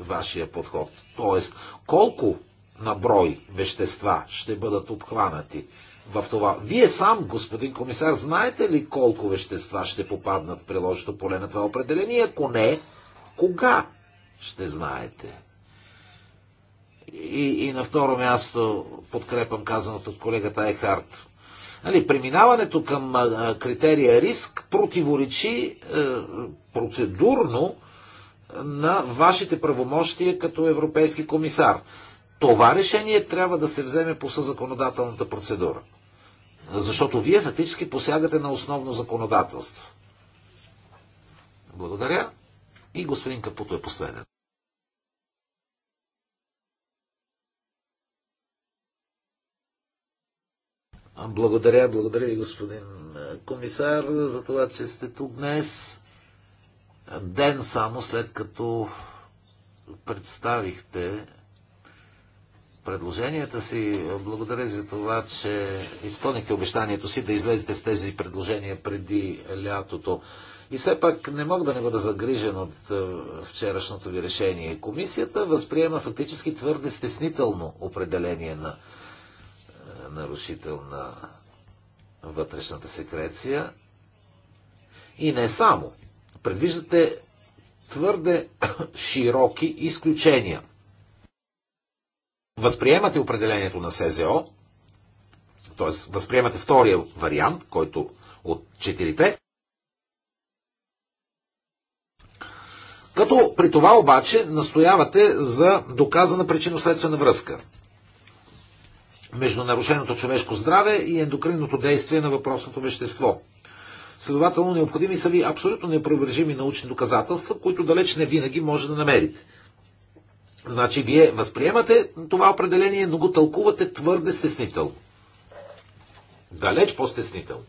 вашия подход? Тоест, колко на брой вещества ще бъдат обхванати в това? Вие сам, господин комисар, знаете ли колко вещества ще попаднат в приложното поле на това определение? Ако не, кога ще знаете? И, и на второ място подкрепам казаното от колегата Ехарт. Нали, преминаването към критерия риск противоречи е, процедурно на вашите правомощия като европейски комисар. Това решение трябва да се вземе по съзаконодателната процедура. Защото вие фактически посягате на основно законодателство. Благодаря. И господин Капуто е последен. Благодаря, благодаря ви, господин комисар, за това, че сте тук днес. Ден само след като представихте предложенията си. Благодаря ви за това, че изпълнихте обещанието си да излезете с тези предложения преди лятото. И все пак не мога да не бъда загрижен от вчерашното ви решение. Комисията възприема фактически твърде стеснително определение на нарушител на вътрешната секреция. И не само. Предвиждате твърде [COUGHS] широки изключения. Възприемате определението на СЗО, т.е. възприемате втория вариант, който от четирите, Като при това обаче настоявате за доказана причинно-следствена връзка между нарушеното човешко здраве и ендокринното действие на въпросното вещество. Следователно, необходими са ви абсолютно непровержими научни доказателства, които далеч не винаги може да намерите. Значи, вие възприемате това определение, но го тълкувате твърде стеснително. Далеч по-стеснително.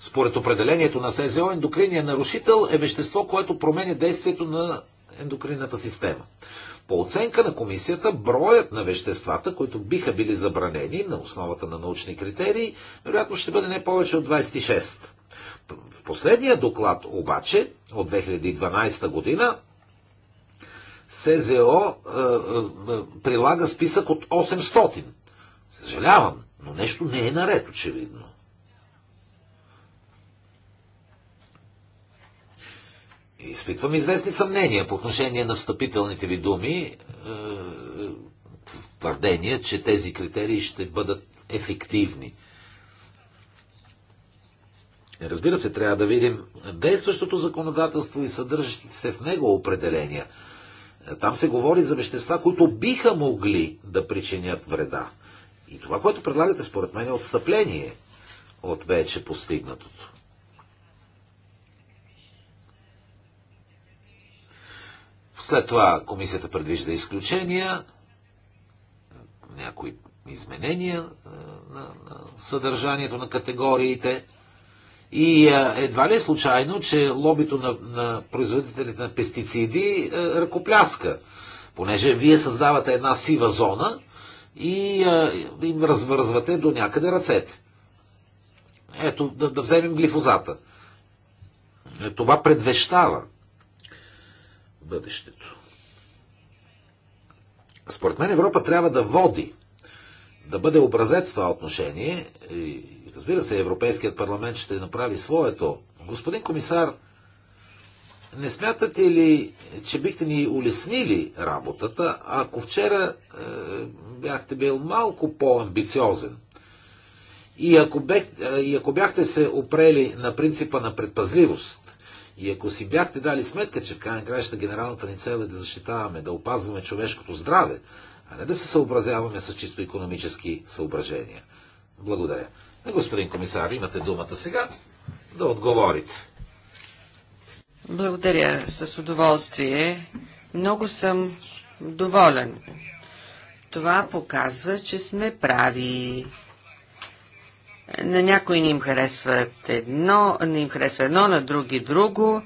Според определението на СЗО, ендокриният нарушител е вещество, което променя действието на ендокринната система. По оценка на комисията, броят на веществата, които биха били забранени на основата на научни критерии, вероятно ще бъде не повече от 26. В последния доклад обаче, от 2012 година, СЗО е, е, прилага списък от 800. Съжалявам, но нещо не е наред, очевидно. изпитвам известни съмнения по отношение на встъпителните ви думи, е, твърдение, че тези критерии ще бъдат ефективни. Разбира се, трябва да видим действащото законодателство и съдържащите се в него определения. Там се говори за вещества, които биха могли да причинят вреда. И това, което предлагате, според мен, е отстъпление от вече постигнатото. След това комисията предвижда изключения, някои изменения е, на, на съдържанието на категориите. И е, едва ли е случайно, че лобито на, на производителите на пестициди е, ръкопляска, понеже вие създавате една сива зона и е, им развързвате до някъде ръцете. Ето, да, да вземем глифозата. Е, това предвещава бъдещето. Според мен Европа трябва да води, да бъде образец в това отношение. И, разбира се, Европейският парламент ще направи своето. Господин комисар, не смятате ли, че бихте ни улеснили работата, ако вчера е, бяхте бил малко по-амбициозен? И ако, е, и ако бяхте се опрели на принципа на предпазливост, и ако си бяхте дали сметка, че в крайна краща генералната ни цел е да защитаваме, да опазваме човешкото здраве, а не да се съобразяваме с чисто економически съображения. Благодаря. Е, господин комисар, имате думата сега да отговорите. Благодаря с удоволствие. Много съм доволен. Това показва, че сме прави на някои не им харесват едно, не им харесва едно, на други друго.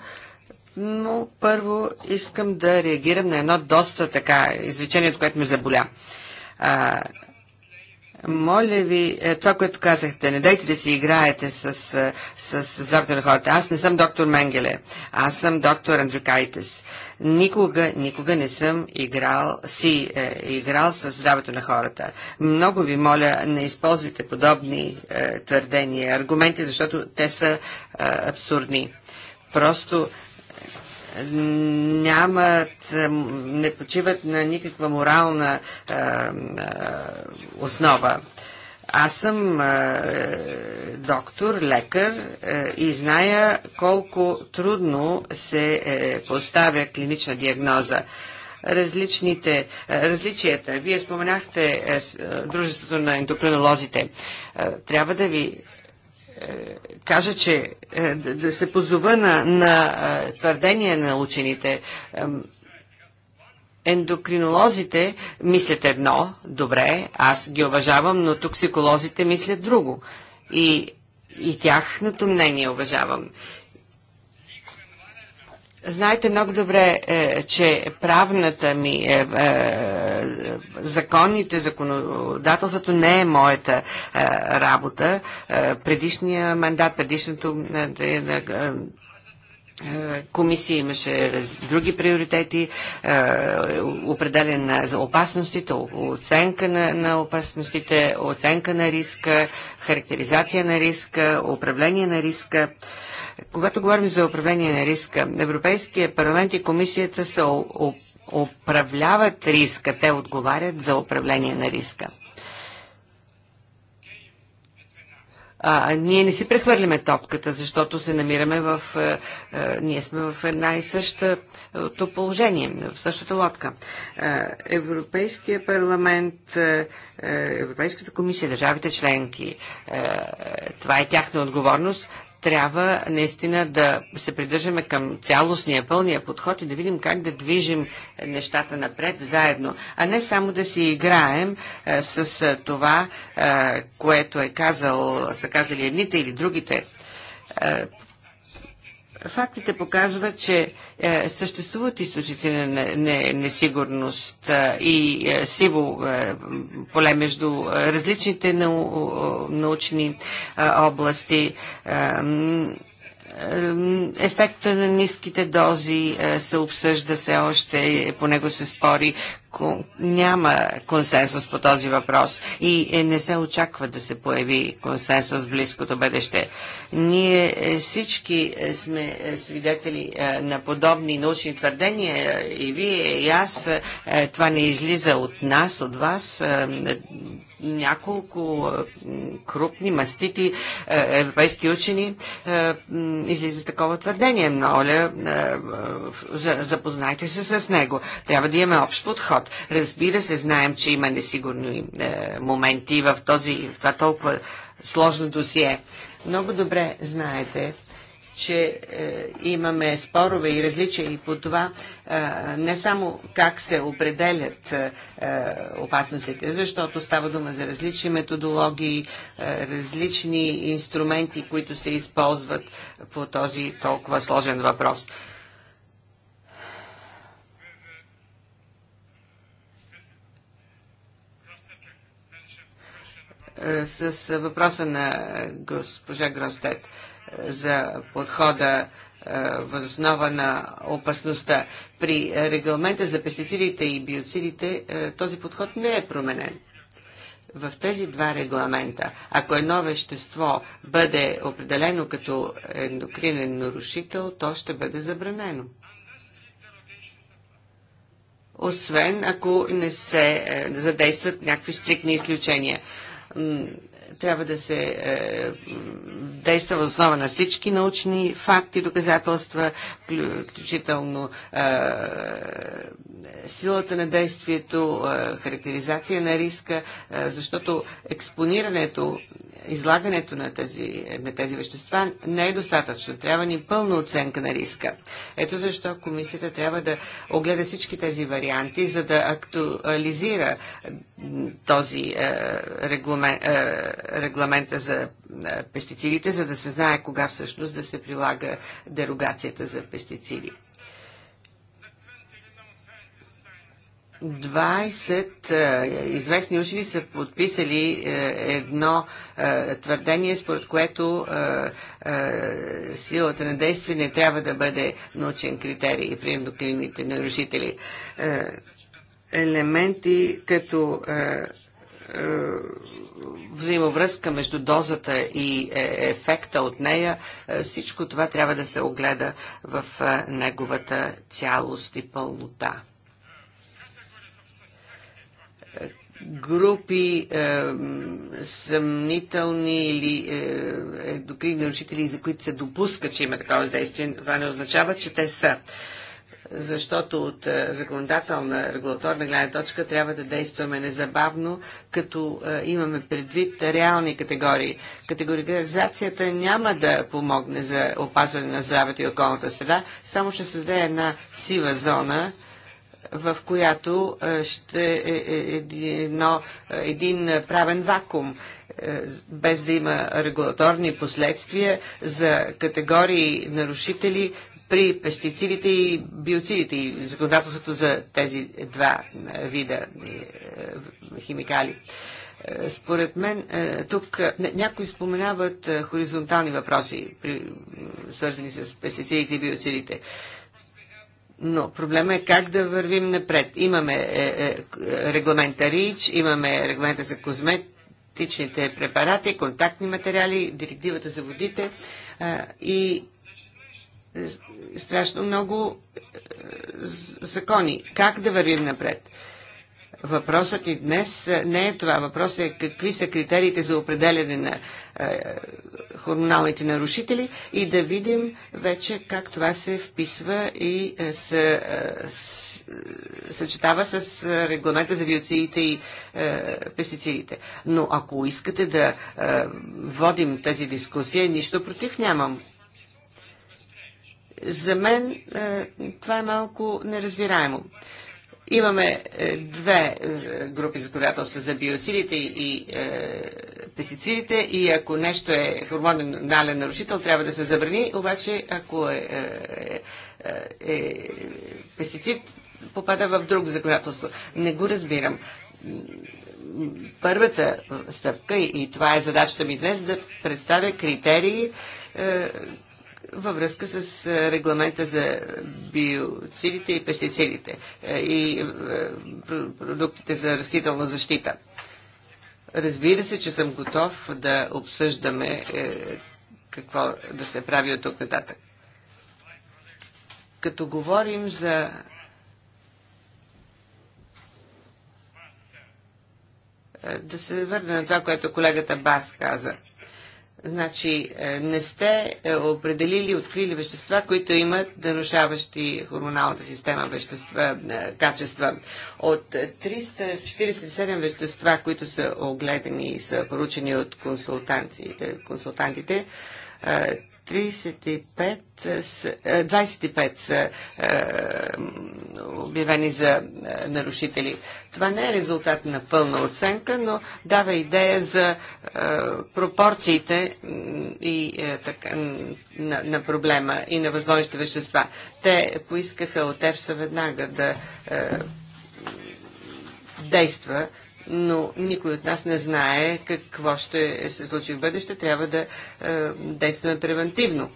Но първо искам да реагирам на едно доста така извлечение, което ме заболя. А, моля ви, е, това, което казахте, не дайте да си играете с, е, с, здравето на хората. Аз не съм доктор Менгеле, аз съм доктор Андрюкайтес. Никога, никога не съм играл, си е, играл с здравето на хората. Много ви моля, не използвайте подобни е, твърдения, аргументи, защото те са е, абсурдни. Просто нямат, не почиват на никаква морална а, е, основа. Аз съм а, е, доктор, лекар а, е, и зная колко трудно се е, поставя клинична диагноза. Различните, различията. Вие споменахте Дружеството на ендокринолозите. Трябва да ви кажа, че е, да се позова на, на е, твърдение на учените, ендокринолозите мислят едно, добре, аз ги уважавам, но токсиколозите мислят друго. И, и тяхното мнение уважавам. Знаете много добре, е, че правната ми, е, е, законните законодателството не е моята работа. предишния мандат, предишното комисия имаше други приоритети, определен за опасностите, оценка на опасностите, оценка на риска, характеризация на риска, управление на риска. Когато говорим за управление на риска, Европейския парламент и комисията се управляват риска, те отговарят за управление на риска. А, ние не си прехвърляме топката, защото се намираме в... А, е, а, е, ние сме в една и същото е, положение, в същата лодка. А, Европейския парламент, а, Европейската комисия, държавите членки, а, това е тяхна отговорност, трябва наистина да се придържаме към цялостния, пълния подход и да видим как да движим нещата напред заедно, а не само да си играем а, е, с е, това, а, е, което е казал, са казали едните или другите. Фактите показват, че е, съществуват източници на не, не, несигурност е, и е, сиво е, поле между е, различните нау, научни е, области. Е, е ефекта на ниските дози се обсъжда все още, по него се спори няма консенсус по този въпрос и е, не се очаква да се появи консенсус в близкото бъдеще. Ние е, всички е, сме свидетели на подобни научни твърдения и вие, и аз. Това не излиза от нас, от вас няколко крупни мастити е, европейски учени е, излиза такова твърдение. Моля, е, запознайте се с него. Трябва да имаме общ подход. Разбира се, знаем, че има несигурни моменти в, този, в това толкова сложно досие. Много добре знаете, че е, имаме спорове и различия и по това е, не само как се определят е, опасностите, защото става дума за различни методологии, е, различни инструменти, които се използват по този толкова сложен въпрос. Е, с въпроса на е, госпожа Гростет за подхода е, възоснова на опасността. При регламента за пестицидите и биоцидите е, този подход не е променен. В тези два регламента, ако едно вещество бъде определено като ендокринен нарушител, то ще бъде забранено. Освен ако не се е, задействат някакви стрикни изключения трябва да се е, действа в основа на всички научни факти, доказателства, включително е, силата на действието, е, характеризация на риска, е, защото експонирането, излагането на тези, на тези вещества не е достатъчно. Трябва ни пълна оценка на риска. Ето защо комисията трябва да огледа всички тези варианти, за да актуализира този е, регламент, регламента за пестицидите, за да се знае кога всъщност да се прилага дерогацията за пестициди. 20 е, известни учени са подписали е, едно е, твърдение, според което силата на действие не трябва да бъде научен критерий при ендокринните нарушители. Елементи като взаимовръзка между дозата и ефекта от нея, всичко това трябва да се огледа в неговата цялост и пълнота. групи е, съмнителни или е, ендокринни нарушители, за които се допуска, че има такова действие, това не означава, че те са. Защото от е, законодателна регулаторна гледна точка трябва да действаме незабавно, като е, имаме предвид реални категории. Категоризацията няма да помогне за опазване на здравето и околната среда, само ще създаде една сива зона, в която е, ще е, е, едно, един правен вакуум без да има регулаторни последствия за категории нарушители при пестицидите и биоцидите и законодателството за тези два вида химикали. Според мен, тук някои споменават хоризонтални въпроси, свързани с пестицидите и биоцидите. Но проблема е как да вървим напред. Имаме е, е, регламента РИЧ, имаме регламента за козметичните препарати, контактни материали, директивата за водите е, и страшно много е, закони. Как да вървим напред? Въпросът ни днес е, не е това. Въпросът е какви са критериите за определяне на е, хормоналните нарушители и да видим вече как това се вписва и е, се е, съчетава с регламента за биоцидите и е, пестицидите. Но ако искате да е, водим тази дискусия, нищо против нямам. За мен е, това е малко неразбираемо. Имаме две групи законодателства за биоцидите и пестицидите и ако нещо е хормонален нарушител, трябва да се забрани, обаче ако е, е, е, е пестицид, попада в друго законодателство. Не го разбирам. Първата стъпка, и това е задачата ми днес, да представя критерии е, във връзка с е, регламента за биоцидите и пестицидите е, и е, продуктите за растителна защита. Разбира се, че съм готов да обсъждаме е, какво да се прави от тук нататък. Като говорим за е, да се върне на това, което колегата Бас каза – Значи е, не сте е, определили, открили вещества, които имат нарушаващи хормоналната система вещества, е, качества. От 347 вещества, които са огледани и са поручени от консултантите, консултантите 35, 25 са е, е, обявени за е, нарушители. Това не е резултат на пълна оценка, но дава идея за пропорциите и, така, на, на проблема и на възможните вещества. Те поискаха от ЕФСА веднага да действа но никой от нас не знае какво ще се случи в бъдеще. Трябва да е, действаме превентивно.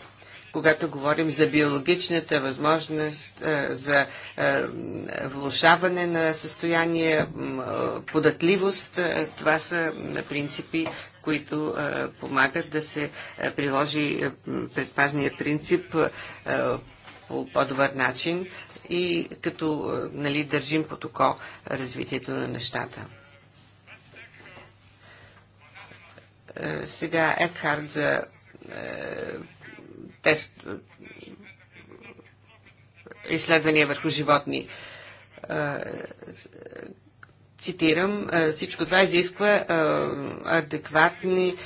Когато говорим за биологичната възможност е, за е, влушаване на състояние, е, податливост, е, това са е, принципи, които е, помагат да се е, приложи е, предпазния принцип е, по по-добър начин и като е, нали, държим под око развитието на нещата. Е, сега Екхард за е, тест, изследвания върху животни. Е, цитирам, всичко това изисква адекватни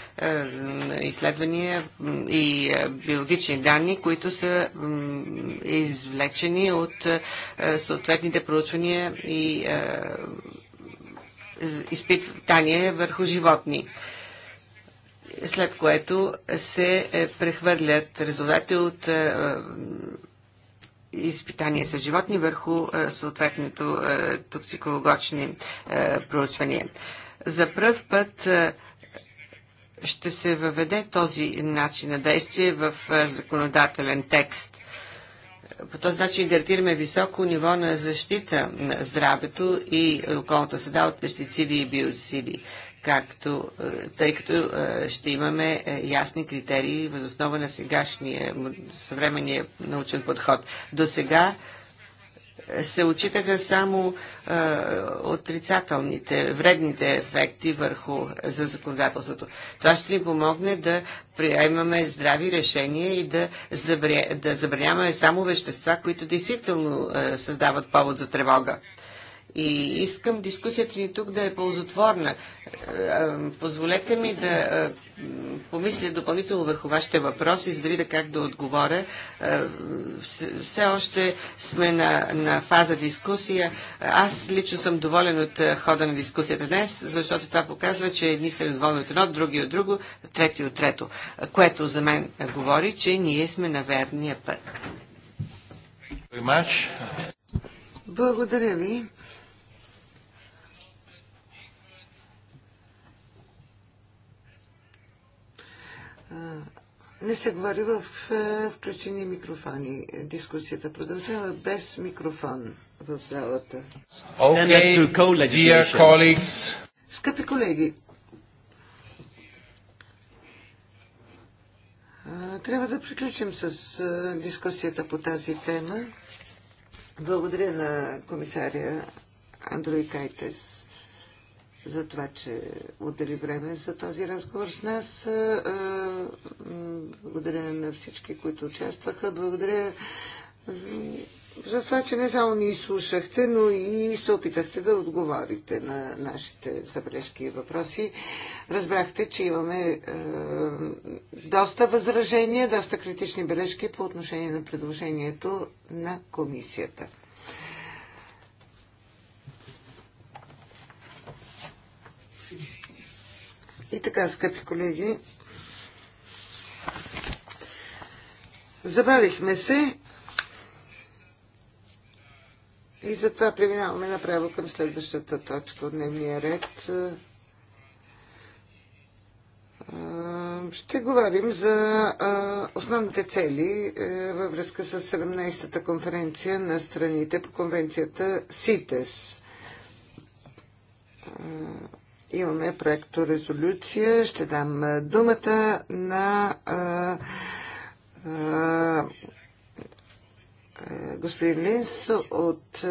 изследвания и биологични данни, които са извлечени от съответните проучвания и изпитания върху животни след което се е, прехвърлят резултати от е, е, изпитания с животни върху съответното токсикологични проучвания. За първ път ще се въведе този начин на действие в законодателен текст. По този начин гарантираме високо ниво на защита на здравето и околната среда от пестициди и биоциди както, е, тъй като е, ще имаме е, ясни критерии възоснова на сегашния съвременния научен подход. До сега се очитаха само е, отрицателните, вредните ефекти върху за законодателството. Това ще ни помогне да приемаме здрави решения и да, забре, да забраняваме само вещества, които действително е, създават повод за тревога. И искам дискусията ни тук да е ползотворна. Е, е, позволете ми да е, помисля допълнително върху вашите въпроси, за да видя как да отговоря. Все още сме на, на фаза дискусия. Аз лично съм доволен от хода на дискусията днес, защото това показва, че едни са доволни от едно, други от друго, трети от трето, което за мен говори, че ние сме на верния път. Благодаря ви. Не се говори в е, включени микрофони. Дискусията продължава без микрофон в залата. Okay, Скъпи колеги, трябва да приключим с дискусията по тази тема. Благодаря на комисаря Андрой Кайтес за това, че отдели време за този разговор с нас. Благодаря на всички, които участваха. Благодаря за това, че не само ни слушахте, но и се опитахте да отговорите на нашите забележки и въпроси. Разбрахте, че имаме е, доста възражения, доста критични бележки по отношение на предложението на комисията. И така, скъпи колеги, забавихме се и затова преминаваме направо към следващата точка от дневния ред. Ще говорим за основните цели във връзка с 17-та конференция на страните по конвенцията СИТЕС Имаме проекто резолюция. Ще дам думата на а, а, господин Линс от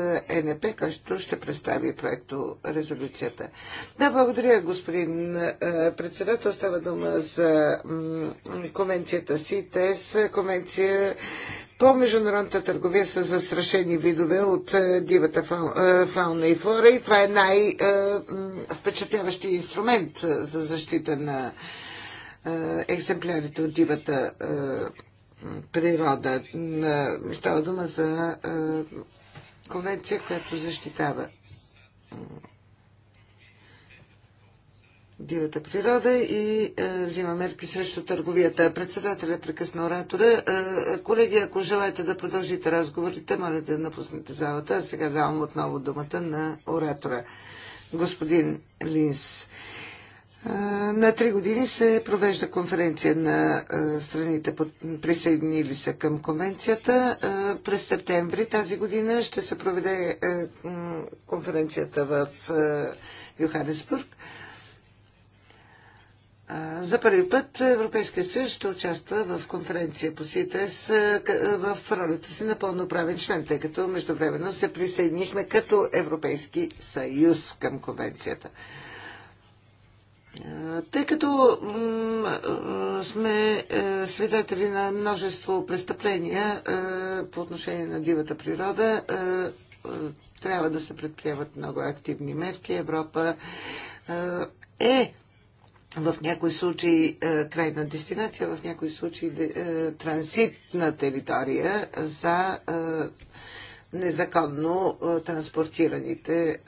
НП, който ще представи проекто резолюцията. Да, благодаря, господин председател. Става дума за конвенцията СИТЕС, конвенция по международната търговия са застрашени видове от е, дивата е, фауна и флора и това е най-впечатляващия е, инструмент за защита на екземплярите от дивата природа. Става дума за конвенция, която защитава дивата природа и е, взима мерки срещу търговията. Председателя прекъсна оратора. Е, колеги, ако желаете да продължите разговорите, моля да напуснете залата. А сега давам отново думата на оратора. Господин Линс. Е, на три години се провежда конференция на е, страните, присъединили се към конвенцията. Е, през септември тази година ще се проведе конференцията в Йоханесбург. За първи път Европейския съюз ще участва в конференция по СИТЕС в ролята си на пълноправен член, тъй като междувременно се присъединихме като Европейски съюз към конвенцията. Тъй като сме свидетели на множество престъпления по отношение на дивата природа, трябва да се предприемат много активни мерки. Европа е в някои случаи е, крайна дестинация, в някои случаи е, транзитна територия за е, незаконно транспортираните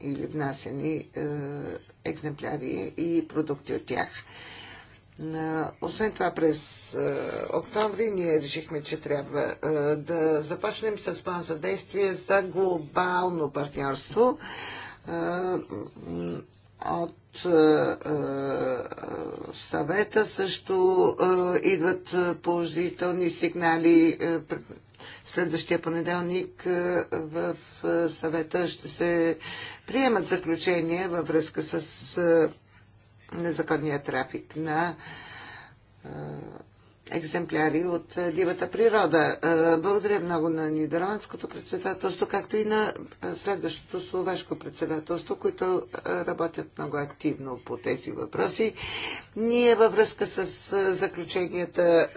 или внасени екземпляри и продукти от тях. Освен това, през октомври ние решихме, че трябва да започнем с план за действие за глобално партньорство от е, е, съвета също е, идват положителни сигнали. Следващия понеделник в съвета ще се приемат заключения във връзка с незаконния трафик на екземпляри от е, дивата природа. Е, благодаря много на Нидерландското председателство, както и на е, следващото словашко председателство, които работят много активно по тези въпроси. Ние във връзка с заключенията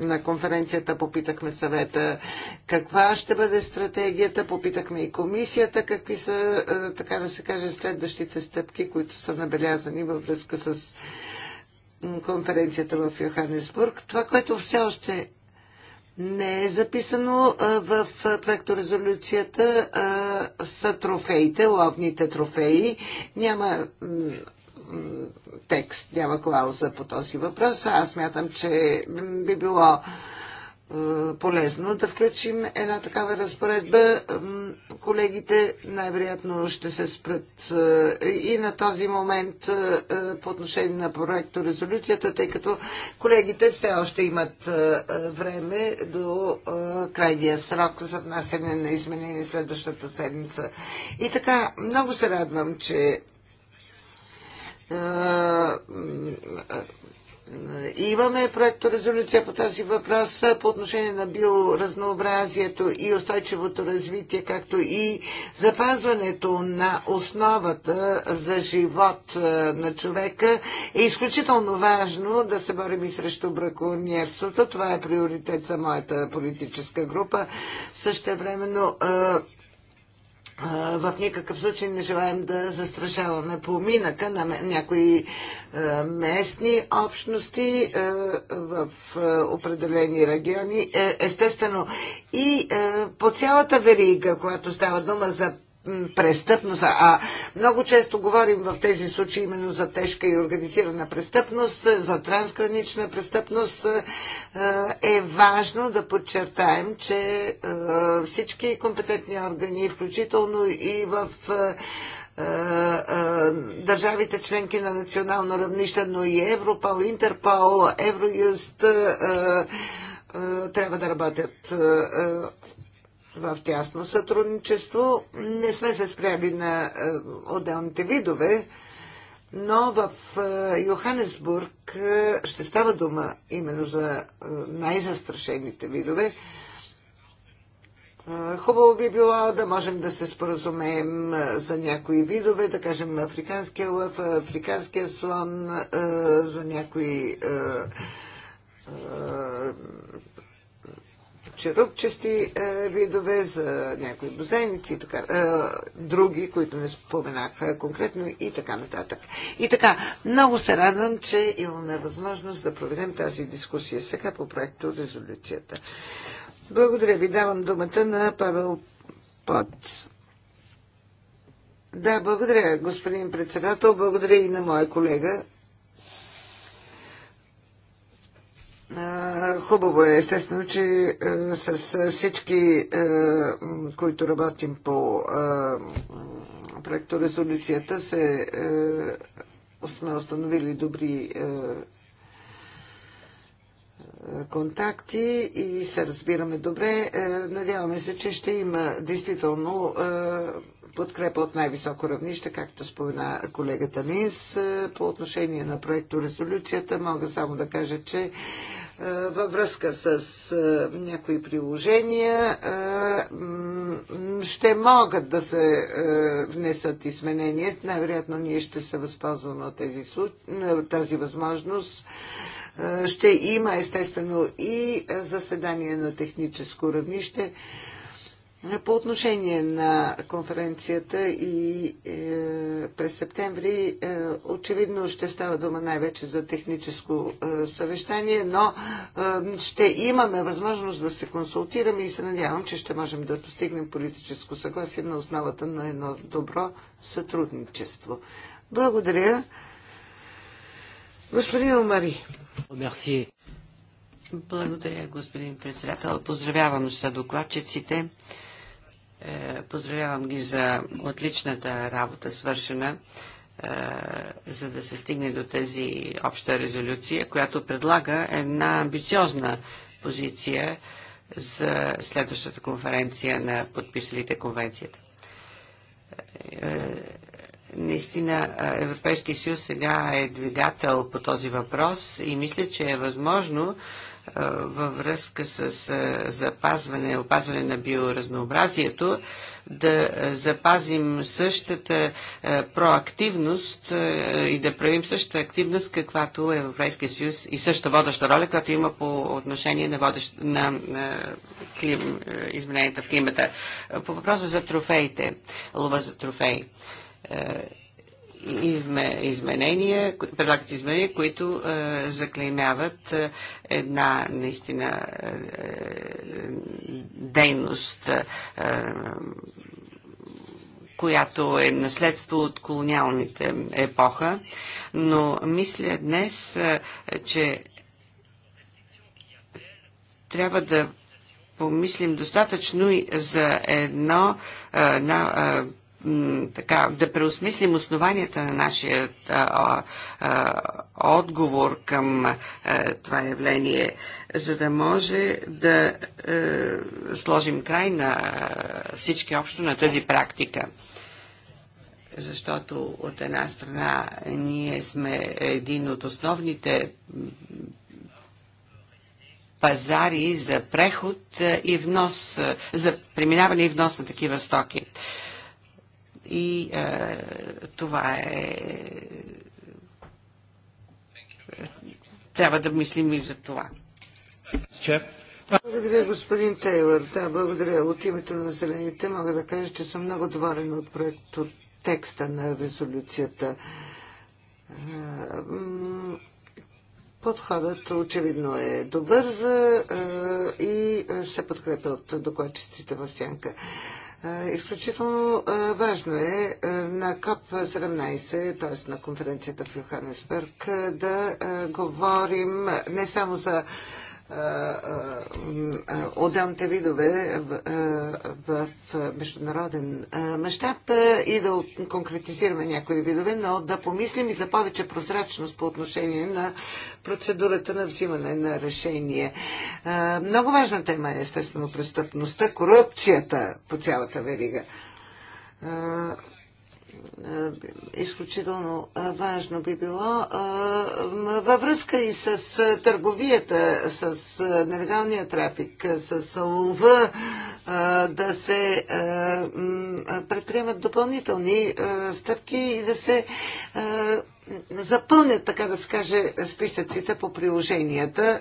на конференцията попитахме съвета каква ще бъде стратегията, попитахме и комисията какви са, така да се каже, следващите стъпки, които са набелязани във връзка с конференцията в Йоханесбург. Това, което все още не е записано в проекторезолюцията, са трофеите, ловните трофеи. Няма текст, няма клауза по този въпрос. Аз мятам, че би било полезно да включим една такава разпоредба. Колегите най-вероятно ще се спрат е, и на този момент е, е, по отношение на проекто резолюцията, тъй като колегите все още имат време до крайния срок за внасяне на изменение следващата седмица. И така, много се радвам, че Имаме проекто резолюция по този въпрос по отношение на биоразнообразието и устойчивото развитие, както и запазването на основата за живот е, на човека. Е изключително важно да се борим и срещу браконьерството. Това е приоритет за моята политическа група. Също времено е, в никакъв случай не желаем да застрашаваме поминъка на някои местни общности в определени региони. Е, естествено, и по цялата верига, която става дума за престъпност, а много често говорим в тези случаи именно за тежка и организирана престъпност, за трансгранична престъпност, е, е важно да подчертаем, че е, всички компетентни органи, включително и в е, държавите членки на национално равнище, но и Европол, Интерпол, Евроюст трябва да работят в тясно сътрудничество. Не сме се спряли на е, отделните видове, но в е, Йоханесбург е, ще става дума именно за най-застрашените видове. Хубаво би било да можем да се споразумеем за някои видове, да кажем африканския лъв, африканския слон, за някои черупчести е, видове, за някои бозайници, така, е, други, които не споменах конкретно и така нататък. И така, много се радвам, че имаме възможност да проведем тази дискусия сега по проекто резолюцията. Благодаря ви. Давам думата на Павел Пот. Да, благодаря, господин председател. Благодаря и на моя колега Хубаво е, естествено, че с всички, които работим по проекторезолюцията, се, сме установили добри контакти и се разбираме добре. Надяваме се, че ще има действително подкрепа от най-високо равнище, както спомена колегата Минс, По отношение на проекто резолюцията мога само да кажа, че във връзка с някои приложения ще могат да се внесат изменения. Най-вероятно ние ще се възползваме от тези, тази възможност. Ще има естествено и заседание на техническо равнище. По отношение на конференцията и е, през септември е, очевидно ще става дума най-вече за техническо е, съвещание, но е, ще имаме възможност да се консултираме и се надявам, че ще можем да постигнем политическо съгласие на основата на едно добро сътрудничество. Благодаря. Господин Омари. Благодаря, господин председател. Поздравявам се докладчиците. Е, поздравявам ги за отличната работа, свършена, е, за да се стигне до тази обща резолюция, която предлага една амбициозна позиция за следващата конференция на подписалите конвенцията. Е, наистина Европейския съюз сега е двигател по този въпрос и мисля, че е възможно във връзка с запазване, опазване на биоразнообразието, да запазим същата проактивност и да правим същата активност, каквато Европейския съюз и същата водеща роля, която има по отношение на, водещ, на, на клим, измененията в климата. По въпроса за трофеите, лова за трофеи изменения, предлагат изменения, които е, заклеймяват е, една наистина е, е, дейност, е, която е наследство от колониалните епоха, но мисля днес, е, че трябва да помислим достатъчно и за едно, една е, така, да преосмислим основанията на нашия а, а, отговор към а, това явление, за да може да а, е, сложим край на а, всички общо на тази практика защото от една страна ние сме един от основните пазари за преход е, и внос, е, за преминаване и внос на такива стоки и е, това е. Трябва да мислим и за това. Благодаря, господин Тейлър. Да, благодаря. От името на зелените. мога да кажа, че съм много доволен от проект, от текста на резолюцията. Е, подходът очевидно е добър е, и се подкрепя от докладчиците в сянка. Изключително важно е на КОП-17, т.е. на конференцията в Йоханесбърг, да говорим не само за отделните видове в международен мащаб и да конкретизираме някои видове, но да помислим и за повече прозрачност по отношение на процедурата на взимане на решение. Много важна тема е естествено престъпността, корупцията по цялата верига е, изключително важно би било във връзка и с търговията, с нелегалния трафик, с лова, да се предприемат допълнителни стъпки и да се запълнят, така да се каже, списъците по приложенията.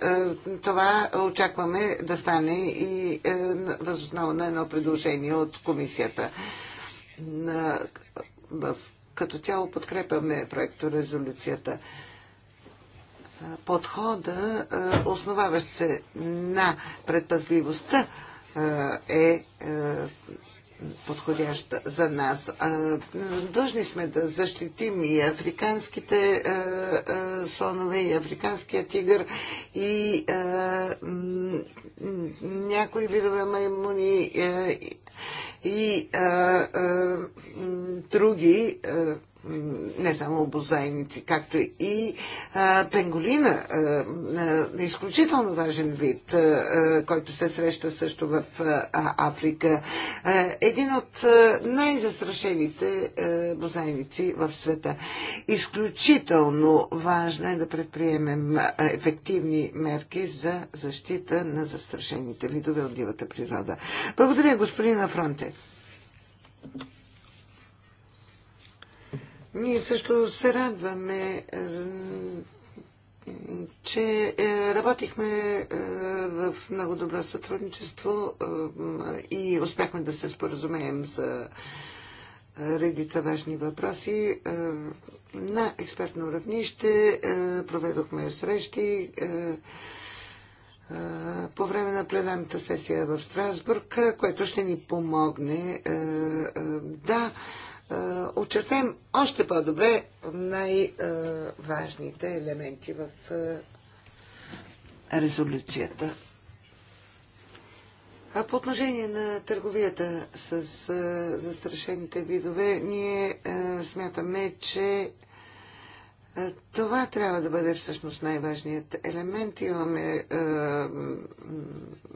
Това очакваме да стане и е, възоснова на едно предложение от комисията в, като цяло подкрепяме проекто резолюцията. Подхода, основаващ се на предпазливостта, е подходящ за нас. Дължни сме да защитим и африканските сонове, и африканския тигър, и някои видове маймуни, и а, а, други а, не само обозайници, както и а, пенголина, а, а, изключително важен вид, а, а, който се среща също в а, Африка. А, един от най-застрашените бозайници в света. Изключително важно е да предприемем ефективни мерки за защита на застрашените видове от дивата природа. Благодаря, господин Афронте. Ние също се радваме, че е, работихме е, в много добро сътрудничество е, и успяхме да се споразумеем за редица важни въпроси. На експертно равнище проведохме срещи по време на пленарната сесия в Страсбург, което ще ни помогне да е, очертаем още по-добре най-важните елементи в е, резолюцията. А по отношение на търговията с е, застрашените видове, ние смятаме, че е, това трябва да бъде всъщност най-важният елемент. Имаме е,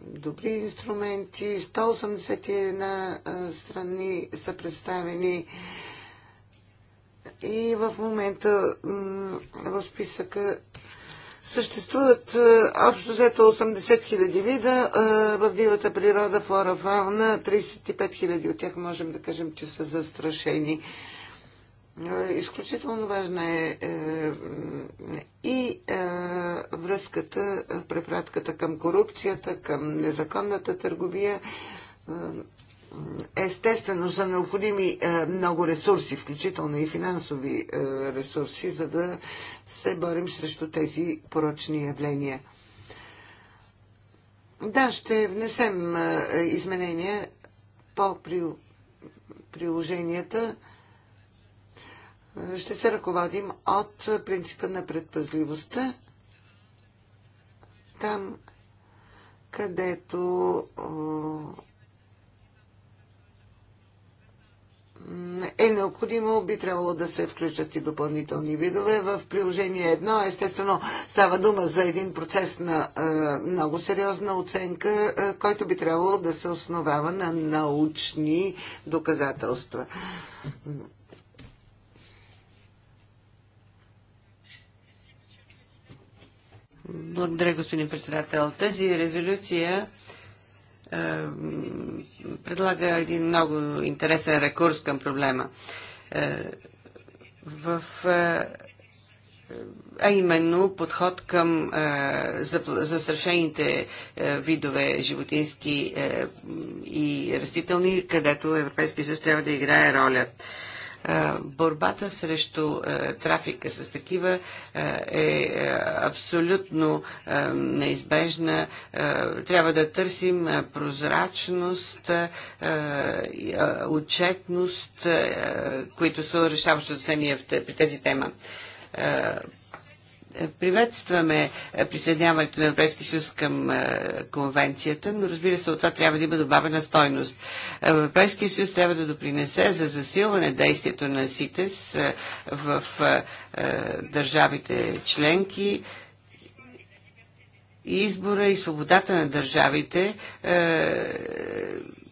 добри инструменти, 181 е, страни са представени и в момента в списъка съществуват е, общо взето 80 хиляди вида в дивата природа, флора, фауна, 35 хиляди от тях можем да кажем, че са застрашени. Изключително важна е, е и е, връзката, е, препратката към корупцията, към незаконната търговия. Естествено са необходими много ресурси, включително и финансови ресурси, за да се борим срещу тези порочни явления. Да, ще внесем изменения по приложенията ще се ръководим от принципа на предпазливостта. Там, където е необходимо, би трябвало да се включат и допълнителни видове. В приложение 1, естествено, става дума за един процес на е, много сериозна оценка, е, който би трябвало да се основава на научни доказателства. Благодаря, господин председател. Тази резолюция е, предлага един много интересен рекурс към проблема. Е, в е, а именно подход към е, застрашените е, видове животински е, и растителни, където Европейския съюз трябва да играе роля. Е, борбата срещу трафика с такива е, е абсолютно неизбежна. Трябва да търсим прозрачност, отчетност, които са решаващи значение при тези тема Приветстваме е, присъединяването на Европейския съюз към е, конвенцията, но разбира се, от това трябва да има добавена стойност. Е, Европейския съюз трябва да допринесе за засилване действието на СИТЕС в държавите членки, и избора и свободата на държавите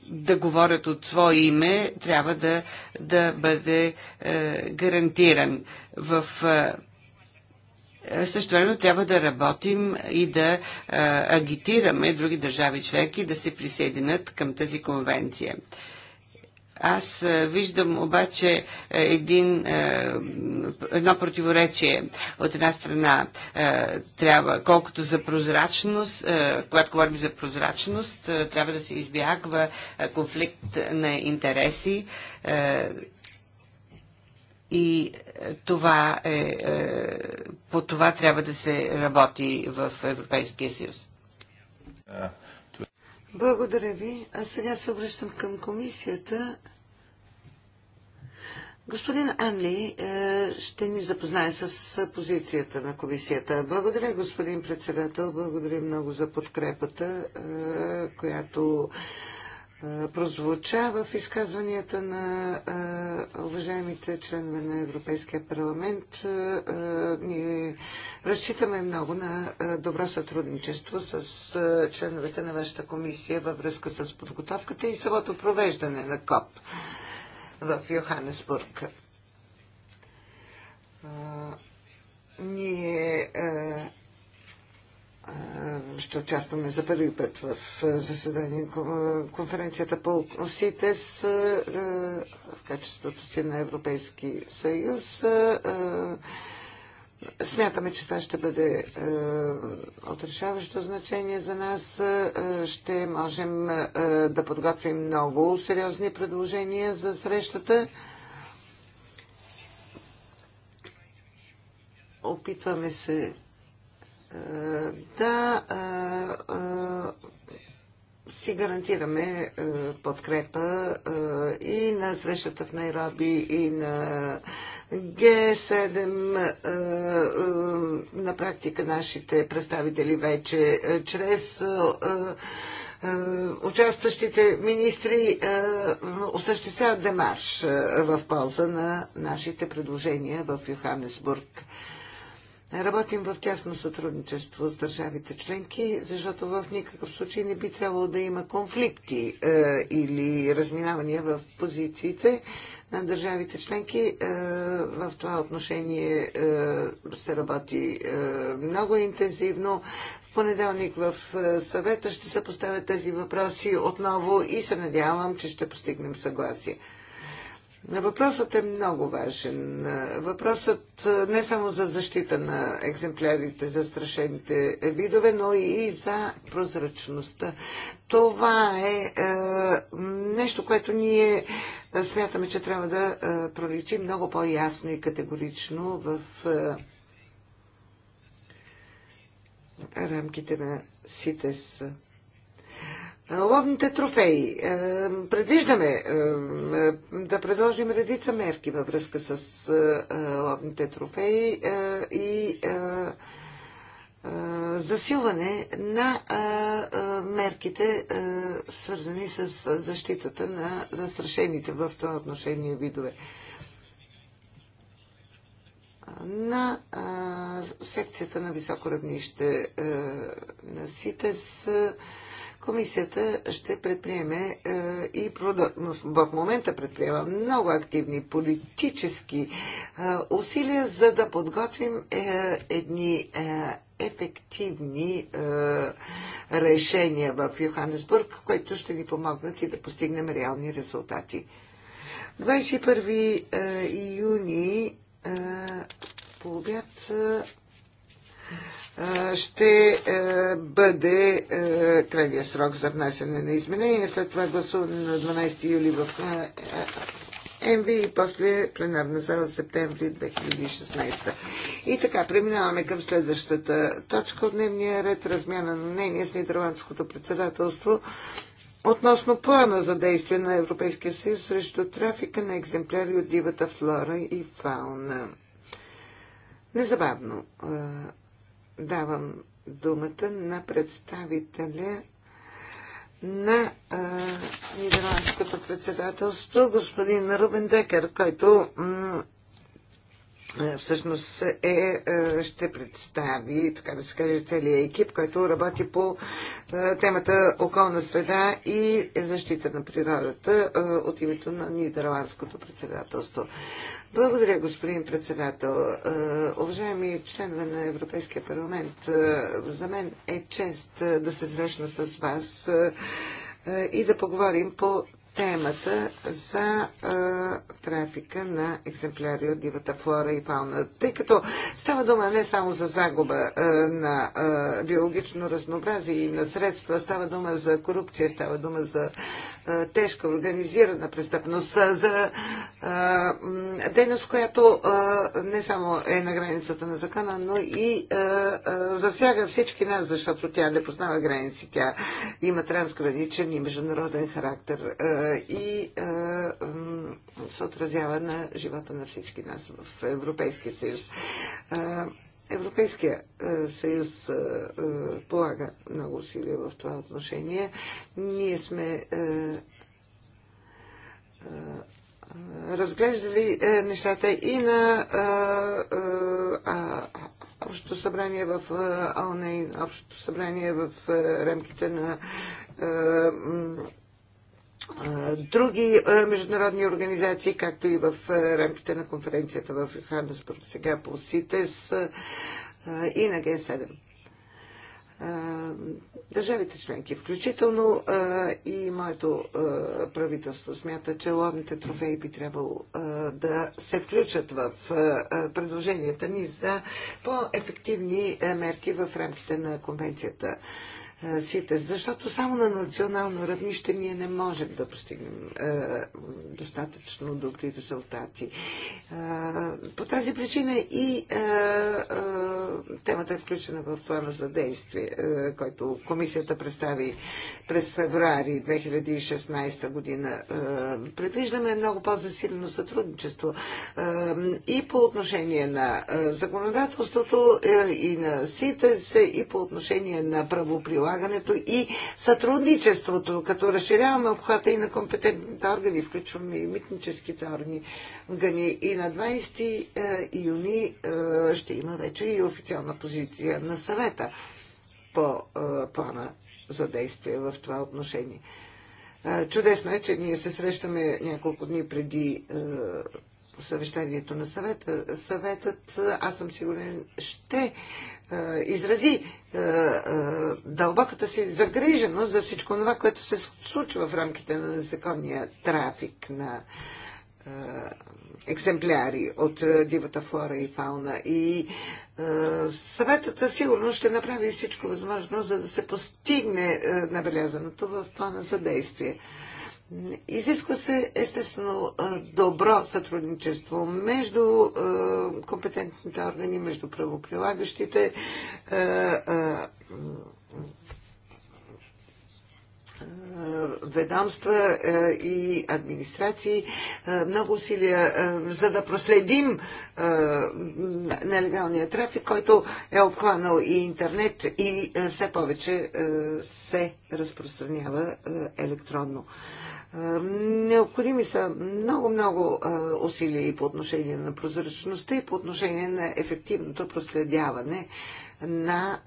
да говорят от свое име трябва да, да бъде гарантиран. В е, също време трябва да работим и да е, агитираме други държави членки да се присъединят към тази конвенция. Аз е, виждам обаче един, едно противоречие. От една страна трябва, колкото за прозрачност, когато говорим за прозрачност, трябва да се избягва конфликт на интереси и е, това е, е, по това трябва да се работи в Европейския съюз. Благодаря ви. А сега се обръщам към комисията. Господин Анли е, ще ни запознае с позицията на комисията. Благодаря, господин председател. Благодаря много за подкрепата, която е, прозвуча в изказванията на е, уважаемите членове на Европейския парламент. Е, ние разчитаме много на добро сътрудничество с членовете на вашата комисия във връзка с подготовката и самото провеждане на КОП в Йоханесбург. Ние е, ще участваме за първи път в е, заседание е, конференцията по СИТЕС в качеството си на Европейски съюз. Смятаме, че това ще бъде отрешаващо значение за нас. ще можем да подготвим много сериозни предложения за срещата. Опитваме се да си гарантираме подкрепа и на срещата в Найроби, и на Г7. На практика нашите представители вече чрез участващите министри осъществяват демарш в полза на нашите предложения в Йоханнесбург. Работим в тясно сътрудничество с държавите членки, защото в никакъв случай не би трябвало да има конфликти е, или разминавания в позициите на държавите членки. Е, в това отношение е, се работи е, много интензивно. В понеделник в е, съвета ще се поставят тези въпроси отново и се надявам, че ще постигнем съгласие. Въпросът е много важен. Въпросът не само за защита на екземплярите, за страшените видове, но и за прозрачността. Това е, е нещо, което ние смятаме, че трябва да проличи много по-ясно и категорично в е, рамките на СИТЕС. Ловните трофеи. Е, предвиждаме е, е, да предложим редица мерки във връзка с ловните трофеи и засилване на мерките, свързани с защитата на застрашените в това отношение видове. На секцията на високо равнище на СИТЕС комисията ще предприеме е, и в момента предприема много активни политически е, усилия, за да подготвим е, едни ефективни решения в Йоханесбург, които ще ни помогнат и да постигнем реални резултати. 21 юни по обяд ще бъде крайния срок за внасяне на изменения. След това гласуване на 12 юли в МВ и после пленарна зала септември 2016. И така, преминаваме към следващата точка от дневния ред, размяна на мнение с Нидерландското председателство относно плана за действие на Европейския съюз срещу трафика на екземпляри от дивата флора и фауна. Незабавно давам думата на представителя на Нидерландското председателство, господин Рубен Декер, който всъщност е, ще представи, така да се каже, целият екип, който работи по темата околна среда и защита на природата от името на Нидерландското председателство. Благодаря, господин председател. Е, уважаеми членове на Европейския парламент, е, за мен е чест е, да се срещна с вас и да поговорим по темата за а, трафика на екземпляри от дивата флора и фауна. Тъй като става дума не само за загуба а, на а, биологично разнообразие и на средства, става дума за корупция, става дума за а, тежка организирана престъпност, а, за а, дейност, която а, не само е на границата на закона, но и а, а, засяга всички нас, защото тя не познава граници, тя има трансграничен и международен характер. А, и се отразява на живота на всички нас в Европейския съюз. Европейския съюз полага много усилия в това отношение. Ние сме разглеждали нещата и на Общото събрание в ОНЕ, Общото събрание в рамките на други международни организации, както и в рамките на конференцията в Йоханнесбург, сега по СИТЕС и на Г7 държавите членки, включително и моето правителство, смята, че ловните трофеи би трябвало да се включат в предложенията ни за по-ефективни мерки в рамките на конвенцията СИТЕС, защото само на национално равнище ние не можем да постигнем е, достатъчно добри резултати. Е, по тази причина и е, е, темата е включена в плана за действие, е, който комисията представи през февруари 2016 година. Е, предвиждаме много по-засилено сътрудничество е, и по отношение на законодателството е, и на СИТЕС, и по отношение на правоприлагането прилагането и сътрудничеството, като разширяваме обхвата и на компетентните органи, включваме и митническите органи. И на 20 е, юни е, ще има вече и официална позиция на съвета по е, плана за действие в това отношение. Чудесно е, че ние се срещаме няколко дни преди съвещанието на съвета. Съветът, аз съм сигурен, ще е, изрази е, е, дълбоката си загриженост за всичко това, което се случва в рамките на незаконния трафик на екземпляри от дивата флора и фауна. И съветът със сигурност ще направи всичко възможно, за да се постигне набелязаното в плана за действие. Изисква се естествено добро сътрудничество между компетентните органи, между правоприлагащите ведомства и администрации много усилия, за да проследим нелегалния трафик, който е обхванал и интернет и все повече се разпространява електронно. Необходими са много-много усилия и по отношение на прозрачността и по отношение на ефективното проследяване на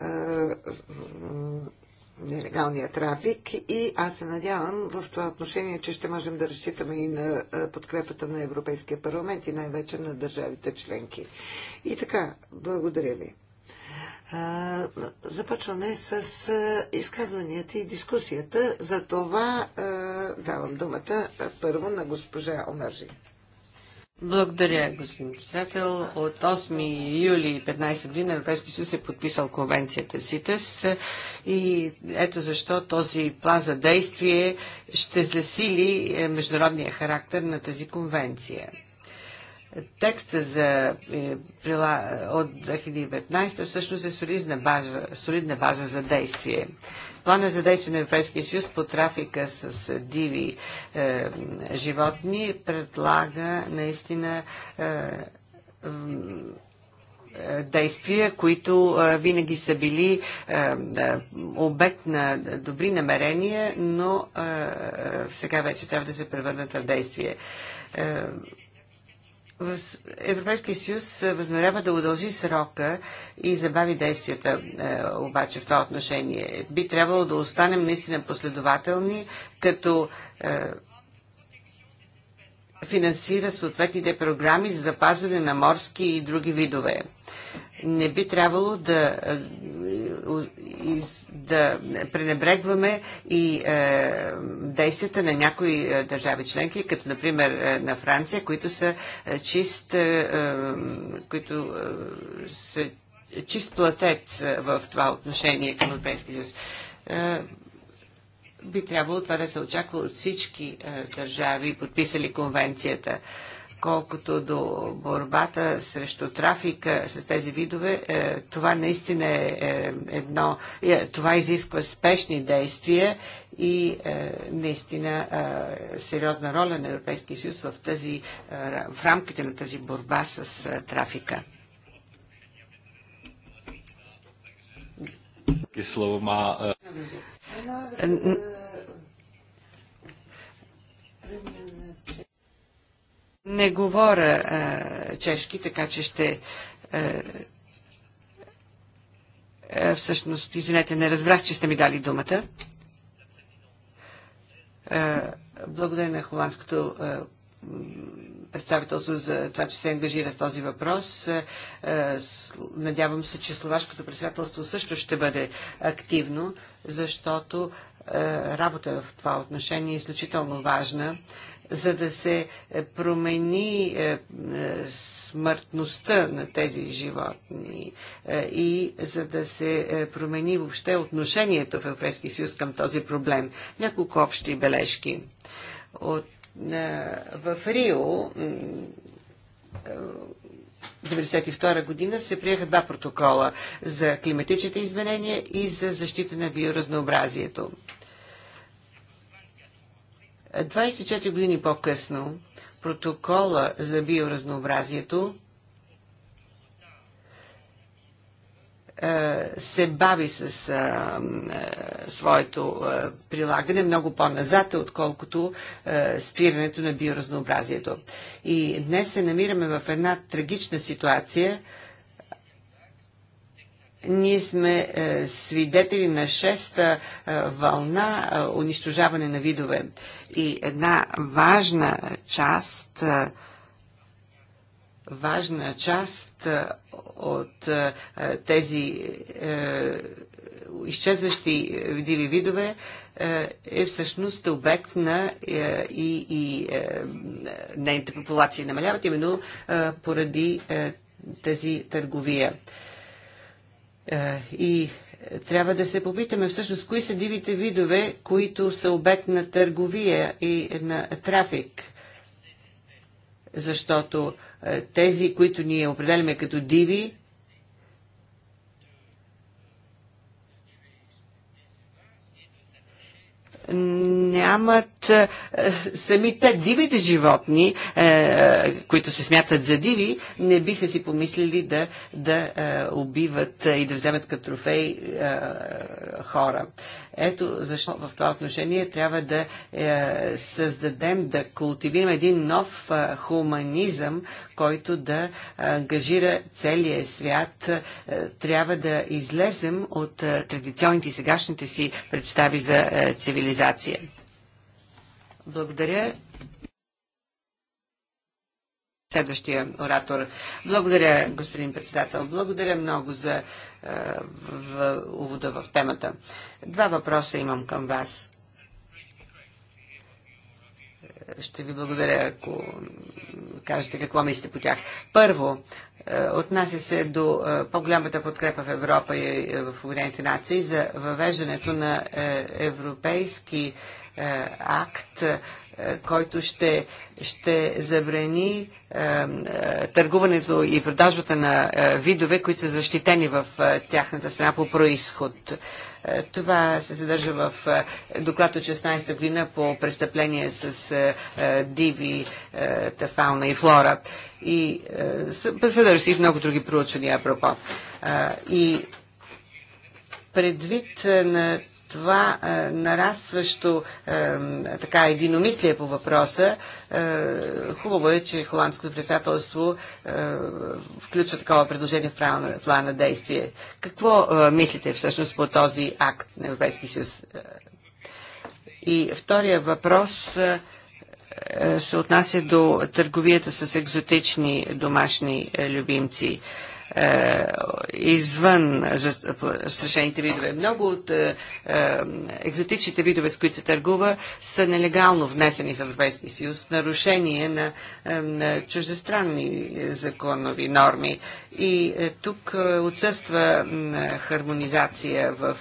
нелегалния трафик и аз се надявам в това отношение, че ще можем да разчитаме и на подкрепата на Европейския парламент и най-вече на държавите членки. И така, благодаря ви. Започваме с изказванията и дискусията. За това давам думата първо на госпожа Омържи. Благодаря, господин председател. От 8 юли 15 година Европейски съюз е подписал конвенцията СИТЕС и ето защо този план за действие ще засили е, международния характер на тази конвенция. Текстът за, е, от 2015 всъщност е солидна база, солидна база за действие. Плана за действие на Европейския съюз по трафика с диви е, животни предлага наистина е, е, действия, които е, винаги са били е, е, обект на добри намерения, но е, е сега вече трябва да се превърнат в действие. Е, Европейския съюз възнарява да удължи срока и забави действията обаче в това отношение. Би трябвало да останем наистина последователни, като финансира съответните програми за запазване на морски и други видове не би трябвало да, е, да пренебрегваме и е, действията на някои е, държави членки, като например на Франция, които са чист, които са чист платец в това отношение към Европейския съюз би трябвало това да се очаква от всички държави, подписали конвенцията. Колкото до борбата срещу трафика с тези видове, е, това наистина е, е едно, е, това изисква спешни действия и наистина сериозна роля на Европейския съюз в, тази, в рамките на тази борба с трафика. Слово Не говоря а, чешки, така че ще. А, всъщност, извинете, не разбрах, че сте ми дали думата. А, благодаря на холандското а, представителство за това, че се ангажира с този въпрос. Надявам се, че словашкото председателство също ще бъде активно, защото работа в това отношение е изключително важна за да се е, промени е, е, смъртността на тези животни и за да се промени въобще отношението в Европейския съюз към този проблем. Няколко общи бележки. От, в Рио 1992 година се приеха два протокола за климатичните изменения и за защита на биоразнообразието. 24 години по-късно протокола за биоразнообразието е, се бави с а, е, а, е, своето а, прилагане много по-назад, отколкото а, спирането на биоразнообразието. И днес се намираме в една трагична ситуация, а, ние сме е, свидетели на шеста е, вълна е, унищожаване на видове. И една важна част, важна част от тези изчезващи видиви видове е всъщност обект на и, и нейните популации намаляват именно поради тази търговия. Е, и трябва да се попитаме всъщност кои са дивите видове, които са обект на търговия и на трафик. Защото е, тези, които ние определяме като диви, нямат е, самите дивите животни, е, които се смятат за диви, не биха си помислили да, да е, убиват и да вземат като трофей е, хора. Ето защо в това отношение трябва да е, създадем, да култивираме един нов е, хуманизъм, който да е, ангажира целия свят. Е, трябва да излезем от е, традиционните и сегашните си представи за е, цивилизация. Благодаря следващия оратор. Благодаря, господин председател. Благодаря много за в увода в темата. Два въпроса имам към вас. Ще ви благодаря, ако кажете какво мислите по тях. Първо, е, отнася се до е, по-голямата подкрепа в Европа и е, в Обединените нации за въвеждането на европейски акт е, който ще, ще забрани е, е, търгуването и продажбата на е, видове, които са защитени в е, тяхната страна по происход. Това се съдържа в доклад от 16-та година по престъпление с диви фауна и флора. И съдържа се и в много други проучвания, апропо. И предвид на това е, нарастващо е, така единомислие по въпроса, е, хубаво е, че холандското председателство е, включва такова предложение в плана, на действие. Какво е, мислите всъщност по този акт на Европейски съюз? Е, и втория въпрос е, е, се отнася до търговията с екзотични домашни е, любимци. Е, е, извън застрашените видове. Много от е, е, екзотичните видове, с които се търгува, са нелегално внесени в Европейския съюз, нарушение на, на чуждестранни законови норми. И тук отсъства хармонизация в.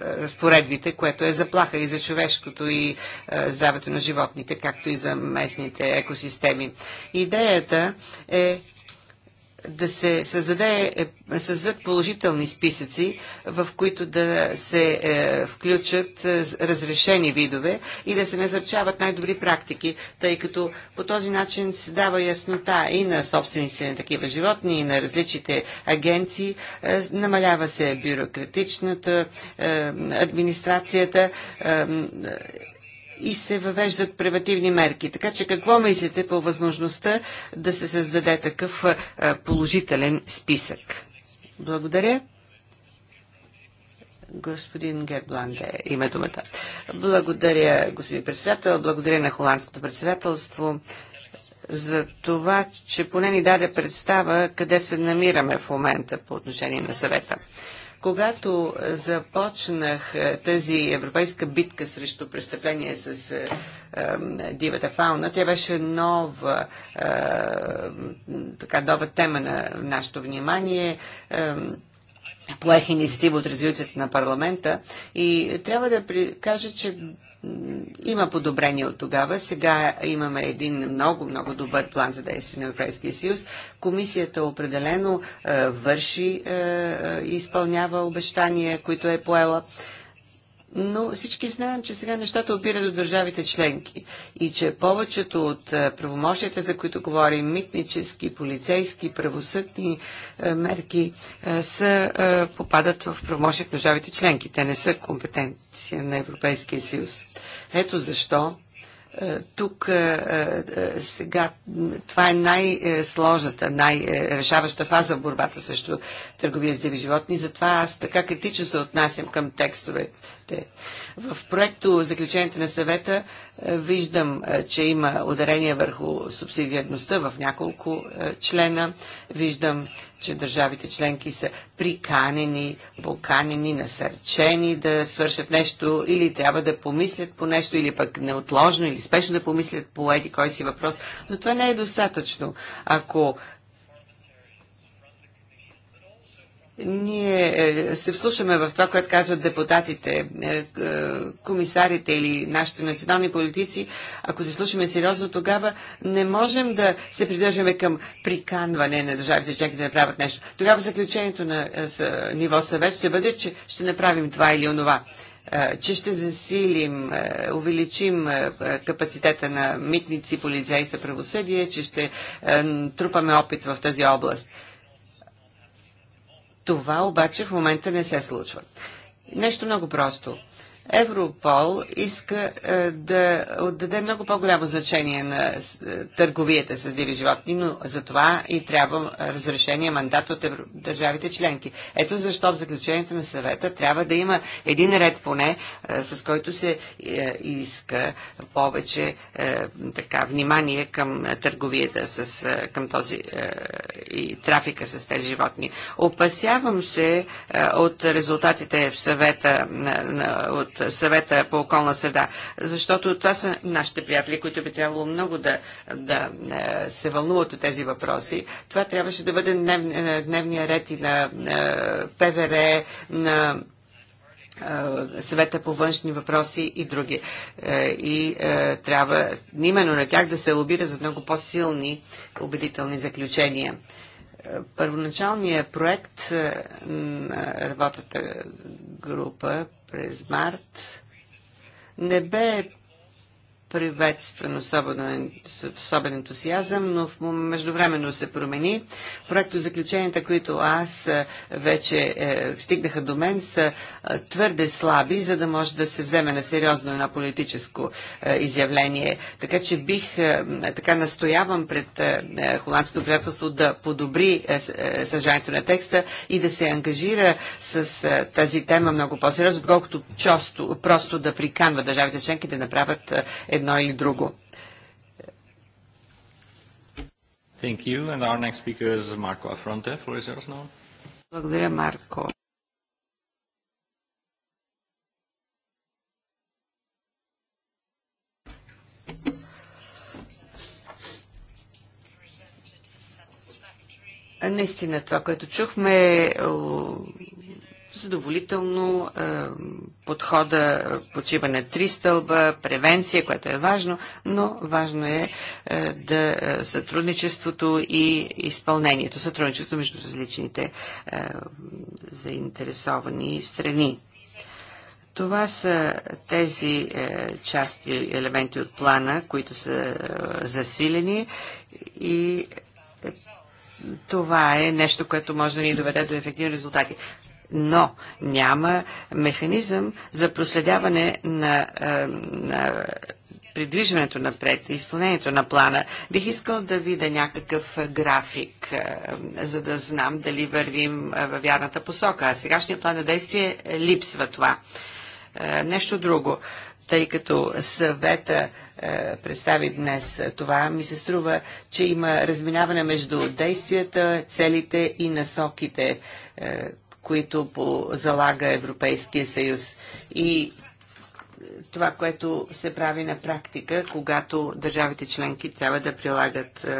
разпоредбите, което е заплаха и за човешкото и е, здравето на животните, както и за местните екосистеми. Идеята е да се създаде, е, създадат положителни списъци, в които да се е, включат е, разрешени видове и да се назначават най-добри практики, тъй като по този начин се дава яснота и на собствениците на такива животни, и на различните агенции, е, намалява се бюрократичната е, администрацията е, и се въвеждат превативни мерки. Така че какво мислите по възможността да се създаде такъв положителен списък? Благодаря. Господин Гербланде има думата. Благодаря, господин председател. Благодаря на холандското председателство за това, че поне ни даде представа къде се намираме в момента по отношение на съвета. Когато е, започнах е, тази европейска битка срещу престъпление с е, дивата фауна, тя беше нова, така, нова тема на нашето внимание поех инициатива от резолюцията на парламента и трябва да кажа, че има подобрение от тогава. Сега имаме един много, много добър план за действие на Европейския съюз. Комисията определено е, върши, и е, е, изпълнява обещания, които е поела но всички знаем, че сега нещата опират до държавите членки и че повечето от е, правомощията, за които говорим, митнически, полицейски, правосъдни е, мерки, е, са, попадат в правомощията на държавите членки. Те не са компетенция на Европейския съюз. Ето защо тук сега това е най-сложната, най-решаваща фаза в борбата срещу търговия с диви животни, затова аз така критично се отнасям към текстовете. В проекто заключението на съвета е, виждам, е, че има ударение върху субсидиарността в няколко е, члена. Виждам, че държавите членки са приканени, поканени, насърчени да свършат нещо или трябва да помислят по нещо, или пък неотложно, или спешно да помислят по еди кой си въпрос. Но това не е достатъчно. Ако ние е, се вслушаме в това, което казват депутатите, е, е, комисарите или нашите национални политици, ако се слушаме сериозно, тогава не можем да се придържаме към приканване на държавите членки да направят нещо. Тогава заключението на ниво съвет ще бъде, че ще направим това или онова че ще засилим, увеличим капацитета на митници, полицаи и съправосъдие, че ще трупаме опит в тази област. Това обаче в момента не се случва. Нещо много просто. Европол иска е, да отдаде много по-голямо значение на е, търговията с диви животни, но за това и трябва е, разрешение мандат от държавите членки. Ето защо в заключението на съвета трябва да има един ред поне, с който се иска повече така, внимание към търговията с, към този и трафика с тези животни. Опасявам се от резултатите в съвета на, на, от съвета по околна среда, защото това са нашите приятели, които би трябвало много да, да е, се вълнуват от тези въпроси. Това трябваше да бъде днев, е, дневния ред и на е, ПВР, на съвета по външни въпроси и други. И трябва именно на тях да се лобира за много по-силни убедителни заключения. Първоначалният проект е, на работата група през март не бе приветстван особено, с особен ентусиазъм, но в, междувременно се промени. Проекто заключенията, които аз е, вече е, стигнаха до мен, са е, твърде слаби, за да може да се вземе на сериозно едно политическо е, изявление. Така че бих, е, така настоявам пред е, е холандското приятелство да подобри е, е, съжалението на текста и да се ангажира с е, тази тема много по-сериозно, отколкото просто, просто да приканва държавите членки да направят е, едно или друго. Thank you. And our next speaker is Marco Affronte. Floor is yours now. Благодаря, Марко. Наистина това, което чухме е задоволително е, подхода почива на три стълба, превенция, което е важно, но важно е, е да е, сътрудничеството и изпълнението, сътрудничество между различните е, заинтересовани страни. Това са тези е, части, елементи от плана, които са е, засилени и е, това е нещо, което може да ни доведе до ефективни резултати но няма механизъм за проследяване на, е, на придвижването напред и изпълнението на плана. Бих искал да видя някакъв график, е, за да знам дали вървим е, в вярната посока. А сегашния план на действие липсва това. Нещо друго тъй като съвета е, представи днес това, ми се струва, че има разминаване между действията, целите и насоките. Е, които по, залага Европейския съюз. И това, което се прави на практика, когато държавите членки трябва да прилагат, е,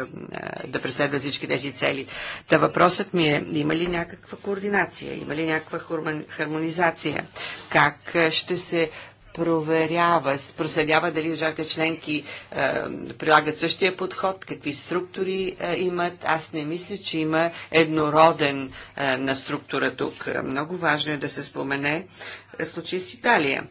е, да преследват всички тези цели. Та въпросът ми е, има ли някаква координация, има ли някаква хармонизация? Как е, ще се проверява, проследява дали държавите членки е, прилагат същия подход, какви структури е, имат. Аз не мисля, че има еднороден е, на структура тук. Много важно е да се спомене е, случай с Италия.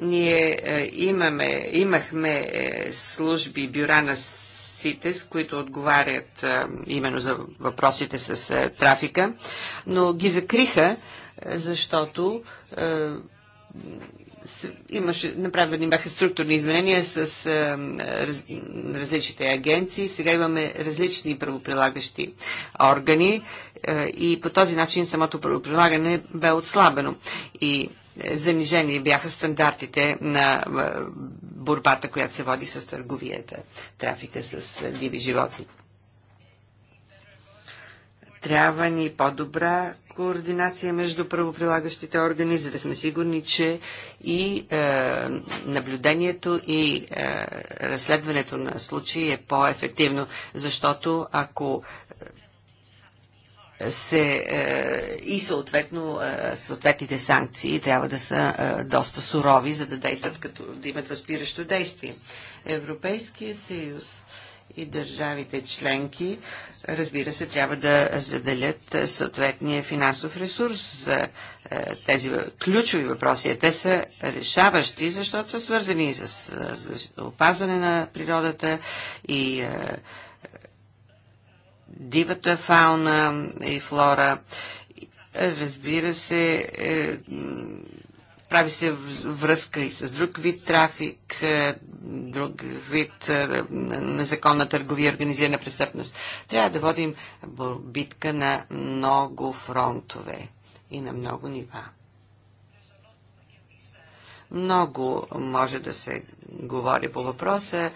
Ние е, имаме, имахме е, служби, бюра на СИТЕС, които отговарят а, е, именно за въпросите с а, е, трафика, но ги закриха, защото а, имаше, направени бяха структурни изменения с а, е, раз, различните агенции. Сега имаме различни правоприлагащи органи а, е, и по този начин самото правоприлагане бе отслабено. И е, занижени бяха стандартите на борбата, която се води с търговията, трафика с диви животни. Трябва ни по-добра координация между правоприлагащите органи, за да сме сигурни, че и е, наблюдението и е, разследването на случаи е по-ефективно, защото ако е, се, е, и съответно е, съответните санкции трябва да са е, доста сурови, за да действат като да имат възпиращо действие. Европейския съюз и държавите членки, разбира се, трябва да заделят е, съответния финансов ресурс за е, тези ключови въпроси. Те са решаващи, защото са свързани с е, опазване на природата и дивата фауна и флора. Разбира се, прави се връзка и с друг вид трафик, е, друг вид е, незаконна търговия, организирана престъпност. Трябва да водим битка на много фронтове и на много нива. Много може да се говори по въпроса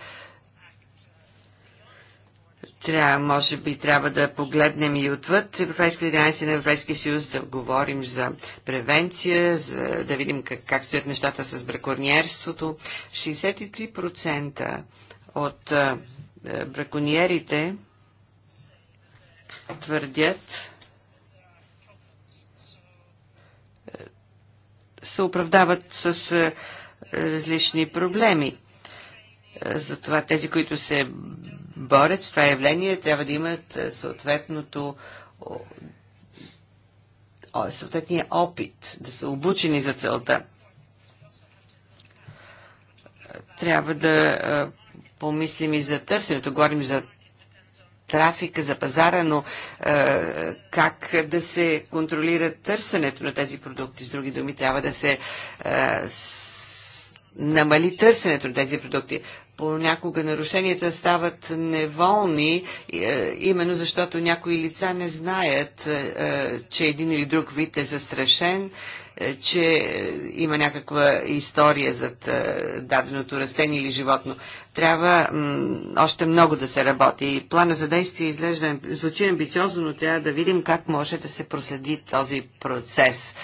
трябва, може би трябва да погледнем и отвъд Европейската граница на Европейския съюз, да говорим за превенция, за, да видим как, как стоят нещата с браконьерството. 63% от а, браконьерите твърдят, се оправдават с а, различни проблеми. Затова тези, които се борят с това явление, трябва да имат е, съответното съответния опит, да са обучени за целта. Трябва да е, помислим и за търсенето. Говорим за трафика, за пазара, но е, как да се контролира търсенето на тези продукти? С други думи, трябва да се намали търсенето на тези продукти понякога нарушенията стават неволни, е, именно защото някои лица не знаят, е, е, че един или друг вид е застрашен, че има някаква история за даденото растение или животно. Трябва още много да се работи. Плана за действие изглежда звучи амбициозно, но трябва да видим как може да се проследи този процес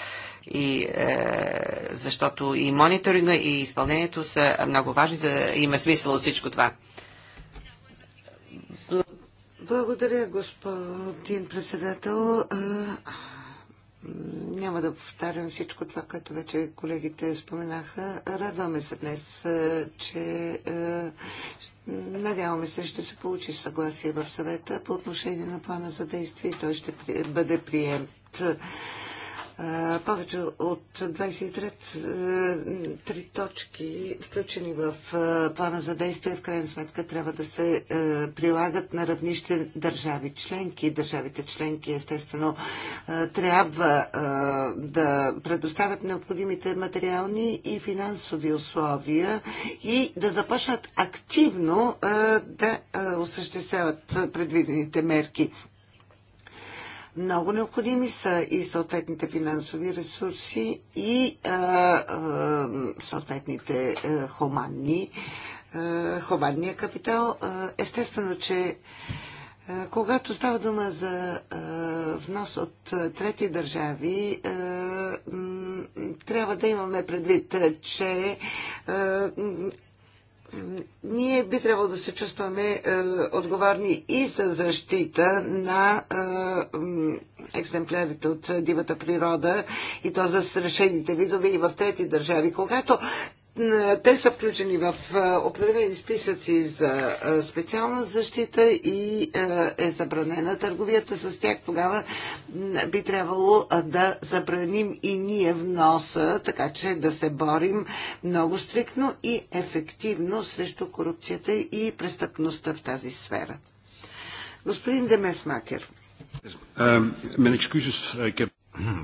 и е, защото и мониторинга и изпълнението са много важни, за, да има смисъл от всичко това. Благодаря, господин председател. Е, няма да повтарям всичко това, което вече колегите споменаха. Радваме се днес, е, че е, надяваме се, ще се получи съгласие в съвета по отношение на плана за действие и той ще бъде прием повече от 23 три точки, включени в плана за действие, в крайна сметка трябва да се прилагат на равнище държави членки. Държавите членки, естествено, трябва да предоставят необходимите материални и финансови условия и да започнат активно да осъществяват предвидените мерки. Много необходими са и съответните финансови ресурси и а, а, съответните а, хуманни, а, хуманния капитал. А, естествено, че а, когато става дума за а, внос от а, трети държави, а, трябва да имаме предвид, че а, ние би трябвало да се чувстваме е, отговорни и за защита на е, екземплярите от дивата природа и то за страшените видове и в трети държави. Когато те са включени в определени списъци за специална защита и е забранена търговията с тях. Тогава би трябвало да забраним и ние вноса, така че да се борим много стрикно и ефективно срещу корупцията и престъпността в тази сфера. Господин Демесмакер.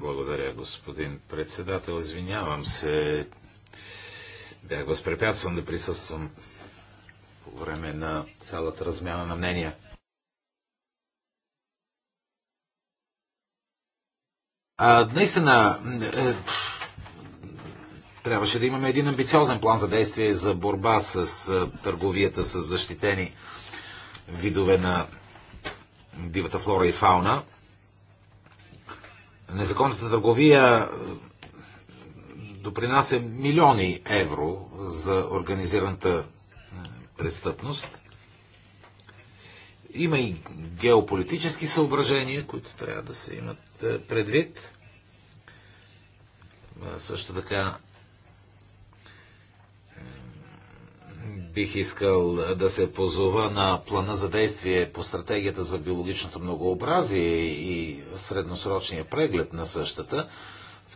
Благодаря, господин председател. Извинявам се, Бях възпрепятстван да присъствам по време на цялата размяна на мнения. А, наистина, е, трябваше да имаме един амбициозен план за действие за борба с е, търговията с защитени видове на дивата флора и фауна. Незаконната търговия допринася милиони евро за организираната престъпност. Има и геополитически съображения, които трябва да се имат е, предвид. Е, също така бих искал да се позова на плана за действие по стратегията за биологичното многообразие и средносрочния преглед на същата,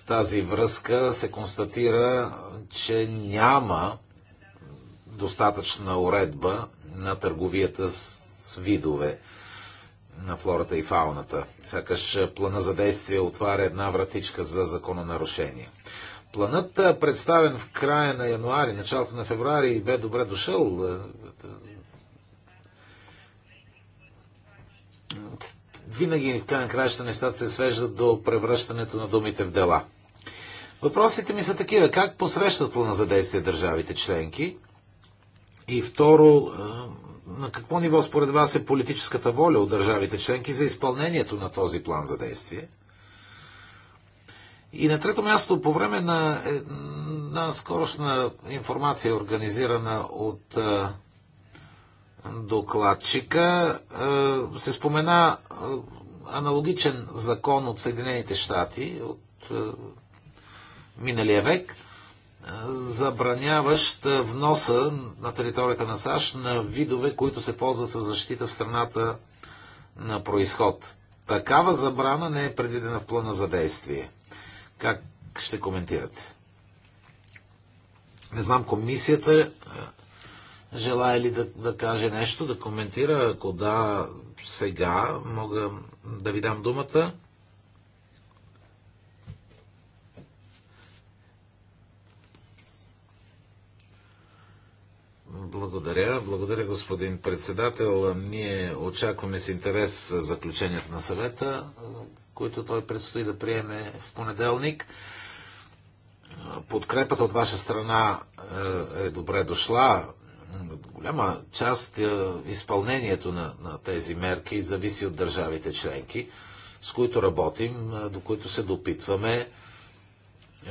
тази връзка се констатира, че няма достатъчна уредба на търговията с видове на флората и фауната. Сякаш плана за действие отваря една вратичка за закононарушение. Планът, представен в края на януари, началото на февруари, бе добре дошъл. Винаги, в край на краища, нещата се свеждат до превръщането на думите в дела. Въпросите ми са такива. Как посрещат плана за действие държавите членки? И второ, на какво ниво според вас е политическата воля от държавите членки за изпълнението на този план за действие? И на трето място, по време на една скорошна информация, организирана от докладчика, се спомена аналогичен закон от Съединените щати, от миналия век, забраняващ вноса на територията на САЩ на видове, които се ползват за защита в страната на происход. Такава забрана не е предвидена в плана за действие. Как ще коментирате? Не знам, комисията желая ли да, да каже нещо, да коментира. Ако да, сега мога да ви дам думата. Благодаря. Благодаря, господин председател. Ние очакваме с интерес заключенията на съвета, които той предстои да приеме в понеделник. Подкрепата от ваша страна е, е добре дошла. Голяма част е, изпълнението на, на тези мерки зависи от държавите членки, с които работим, е, до които се допитваме,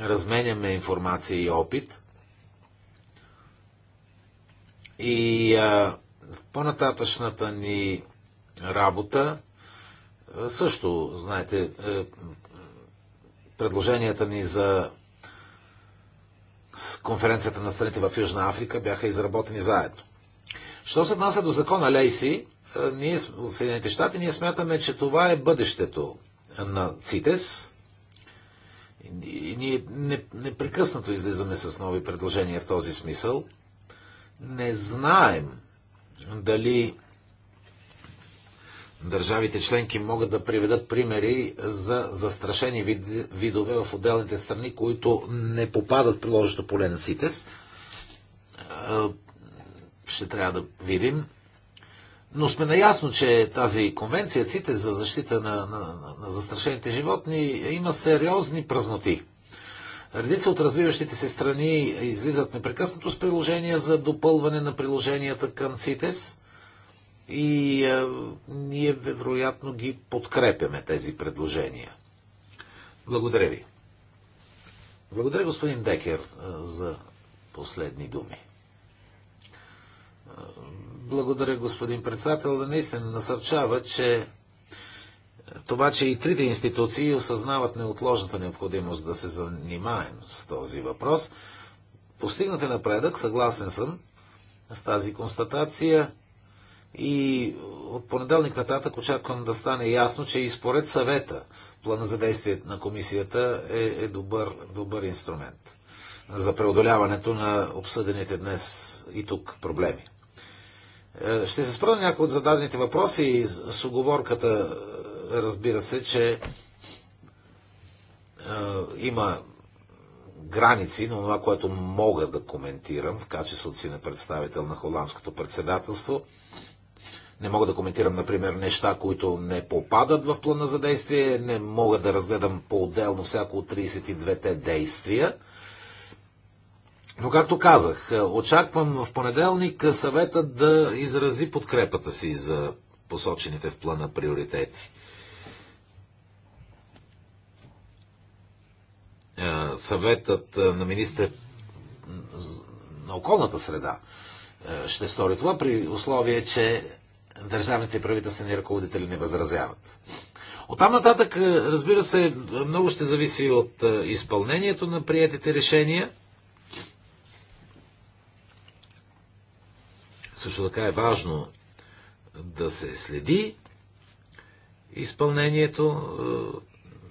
разменяме информация и опит – и а, в по-нататъчната ни работа също, знаете, е, предложенията ни за конференцията на страните в Южна Африка бяха изработени заедно. Що се отнася до закона Лейси, ние от Съединените щати, ние смятаме, че това е бъдещето на ЦИТЕС. И ние непрекъснато излизаме с нови предложения в този смисъл – не знаем дали държавите членки могат да приведат примери за застрашени видове в отделните страни, които не попадат в приложното поле на СИТЕС. Ще трябва да видим. Но сме наясно, че тази конвенция ЦИТЕ за защита на, на, на застрашените животни има сериозни празноти. Редица от развиващите се страни излизат непрекъснато с приложения за допълване на приложенията към CITES и е, ние вероятно ги подкрепяме тези предложения. Благодаря ви. Благодаря господин Декер е, за последни думи. Е, благодаря господин председател. Да наистина насърчава, че това, че и трите институции осъзнават неотложната необходимост да се занимаем с този въпрос. Постигнат е напредък, съгласен съм с тази констатация и от понеделник нататък очаквам да стане ясно, че и според съвета плана за действие на комисията е, е добър, добър инструмент за преодоляването на обсъдените днес и тук проблеми. Е, ще се спра на някои от зададените въпроси с оговорката разбира се, че е, има граници на това, което мога да коментирам в качеството си на представител на холандското председателство. Не мога да коментирам, например, неща, които не попадат в плана за действие, не мога да разгледам по-отделно всяко от 32-те действия. Но, както казах, е, очаквам в понеделник съветът да изрази подкрепата си за посочените в плана приоритети. Е, съветът е, на министър на околната среда е, ще стори това при условие, че държавните правителствени ръководители не възразяват. От там нататък, разбира се, много ще зависи от изпълнението на приятите решения. Също така е важно да се следи изпълнението,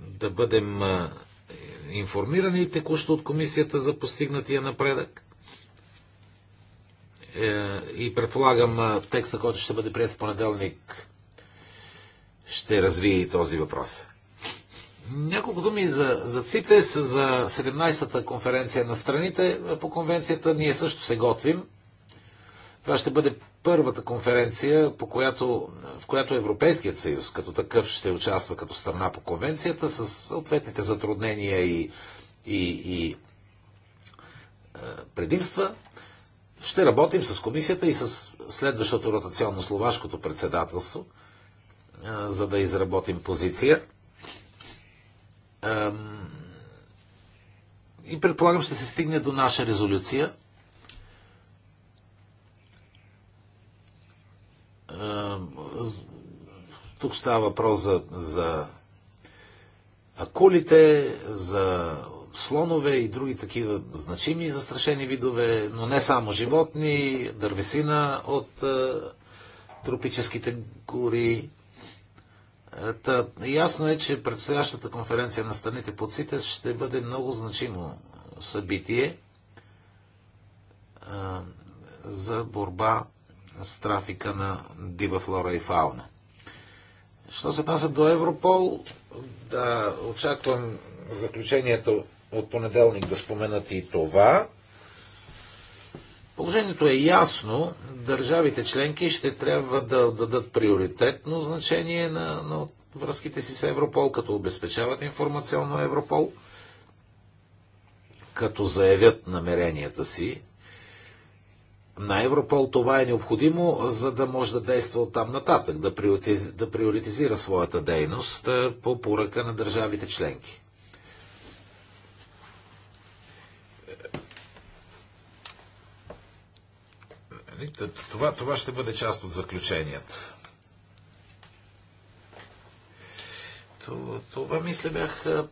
да бъдем информирани текущо от комисията за постигнатия напредък. Е, и предполагам текста, който ще бъде прият в понеделник, ще развие този въпрос. Няколко думи за, за ЦИТЕС, за 17-та конференция на страните по конвенцията. Ние също се готвим това ще бъде първата конференция, по която, в която Европейският съюз като такъв ще участва като страна по конвенцията с съответните затруднения и, и, и е, предимства. Ще работим с комисията и с следващото ротационно словашкото председателство, е, за да изработим позиция. Е, и предполагам ще се стигне до наша резолюция – Е, тук става въпрос за, за акулите, за слонове и други такива значими и застрашени видове, но не само животни, дървесина от а, е, тропическите гори. Е, та, ясно е, че предстоящата конференция на страните по ЦИТЕС ще бъде много значимо събитие а, за борба с трафика на дива флора и фауна. Що се отнася до Европол, да очаквам заключението от понеделник да споменат и това. Положението е ясно. Държавите членки ще трябва да дадат приоритетно значение на, на връзките си с Европол, като обезпечават информационно Европол, като заявят намеренията си на Европол това е необходимо, за да може да действа от там нататък, да приоритизира, да приоритизира своята дейност е, по поръка на държавите членки. Това, това ще бъде част от заключенията. Това, това мисля, бяха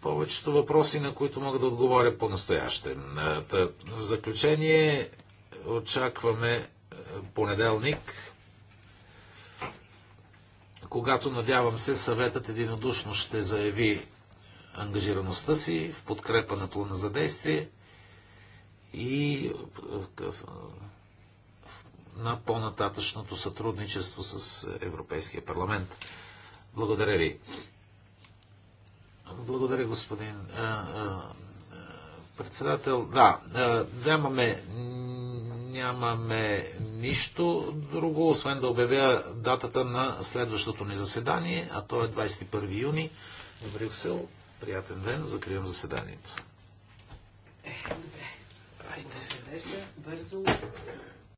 повечето въпроси, на които мога да отговоря по-настояще. В заключение очакваме е, понеделник, когато, надявам се, съветът единодушно ще заяви ангажираността си в подкрепа на плана за действие и е, е, на по-нататъчното сътрудничество с Европейския парламент. Благодаря ви. Благодаря, господин председател. Да, нямаме. Нямаме нищо друго, освен да обявя датата на следващото ни заседание, а то е 21 юни в Брюксел. Приятен ден, закривам заседанието. Е, добре. Айде. Бързо.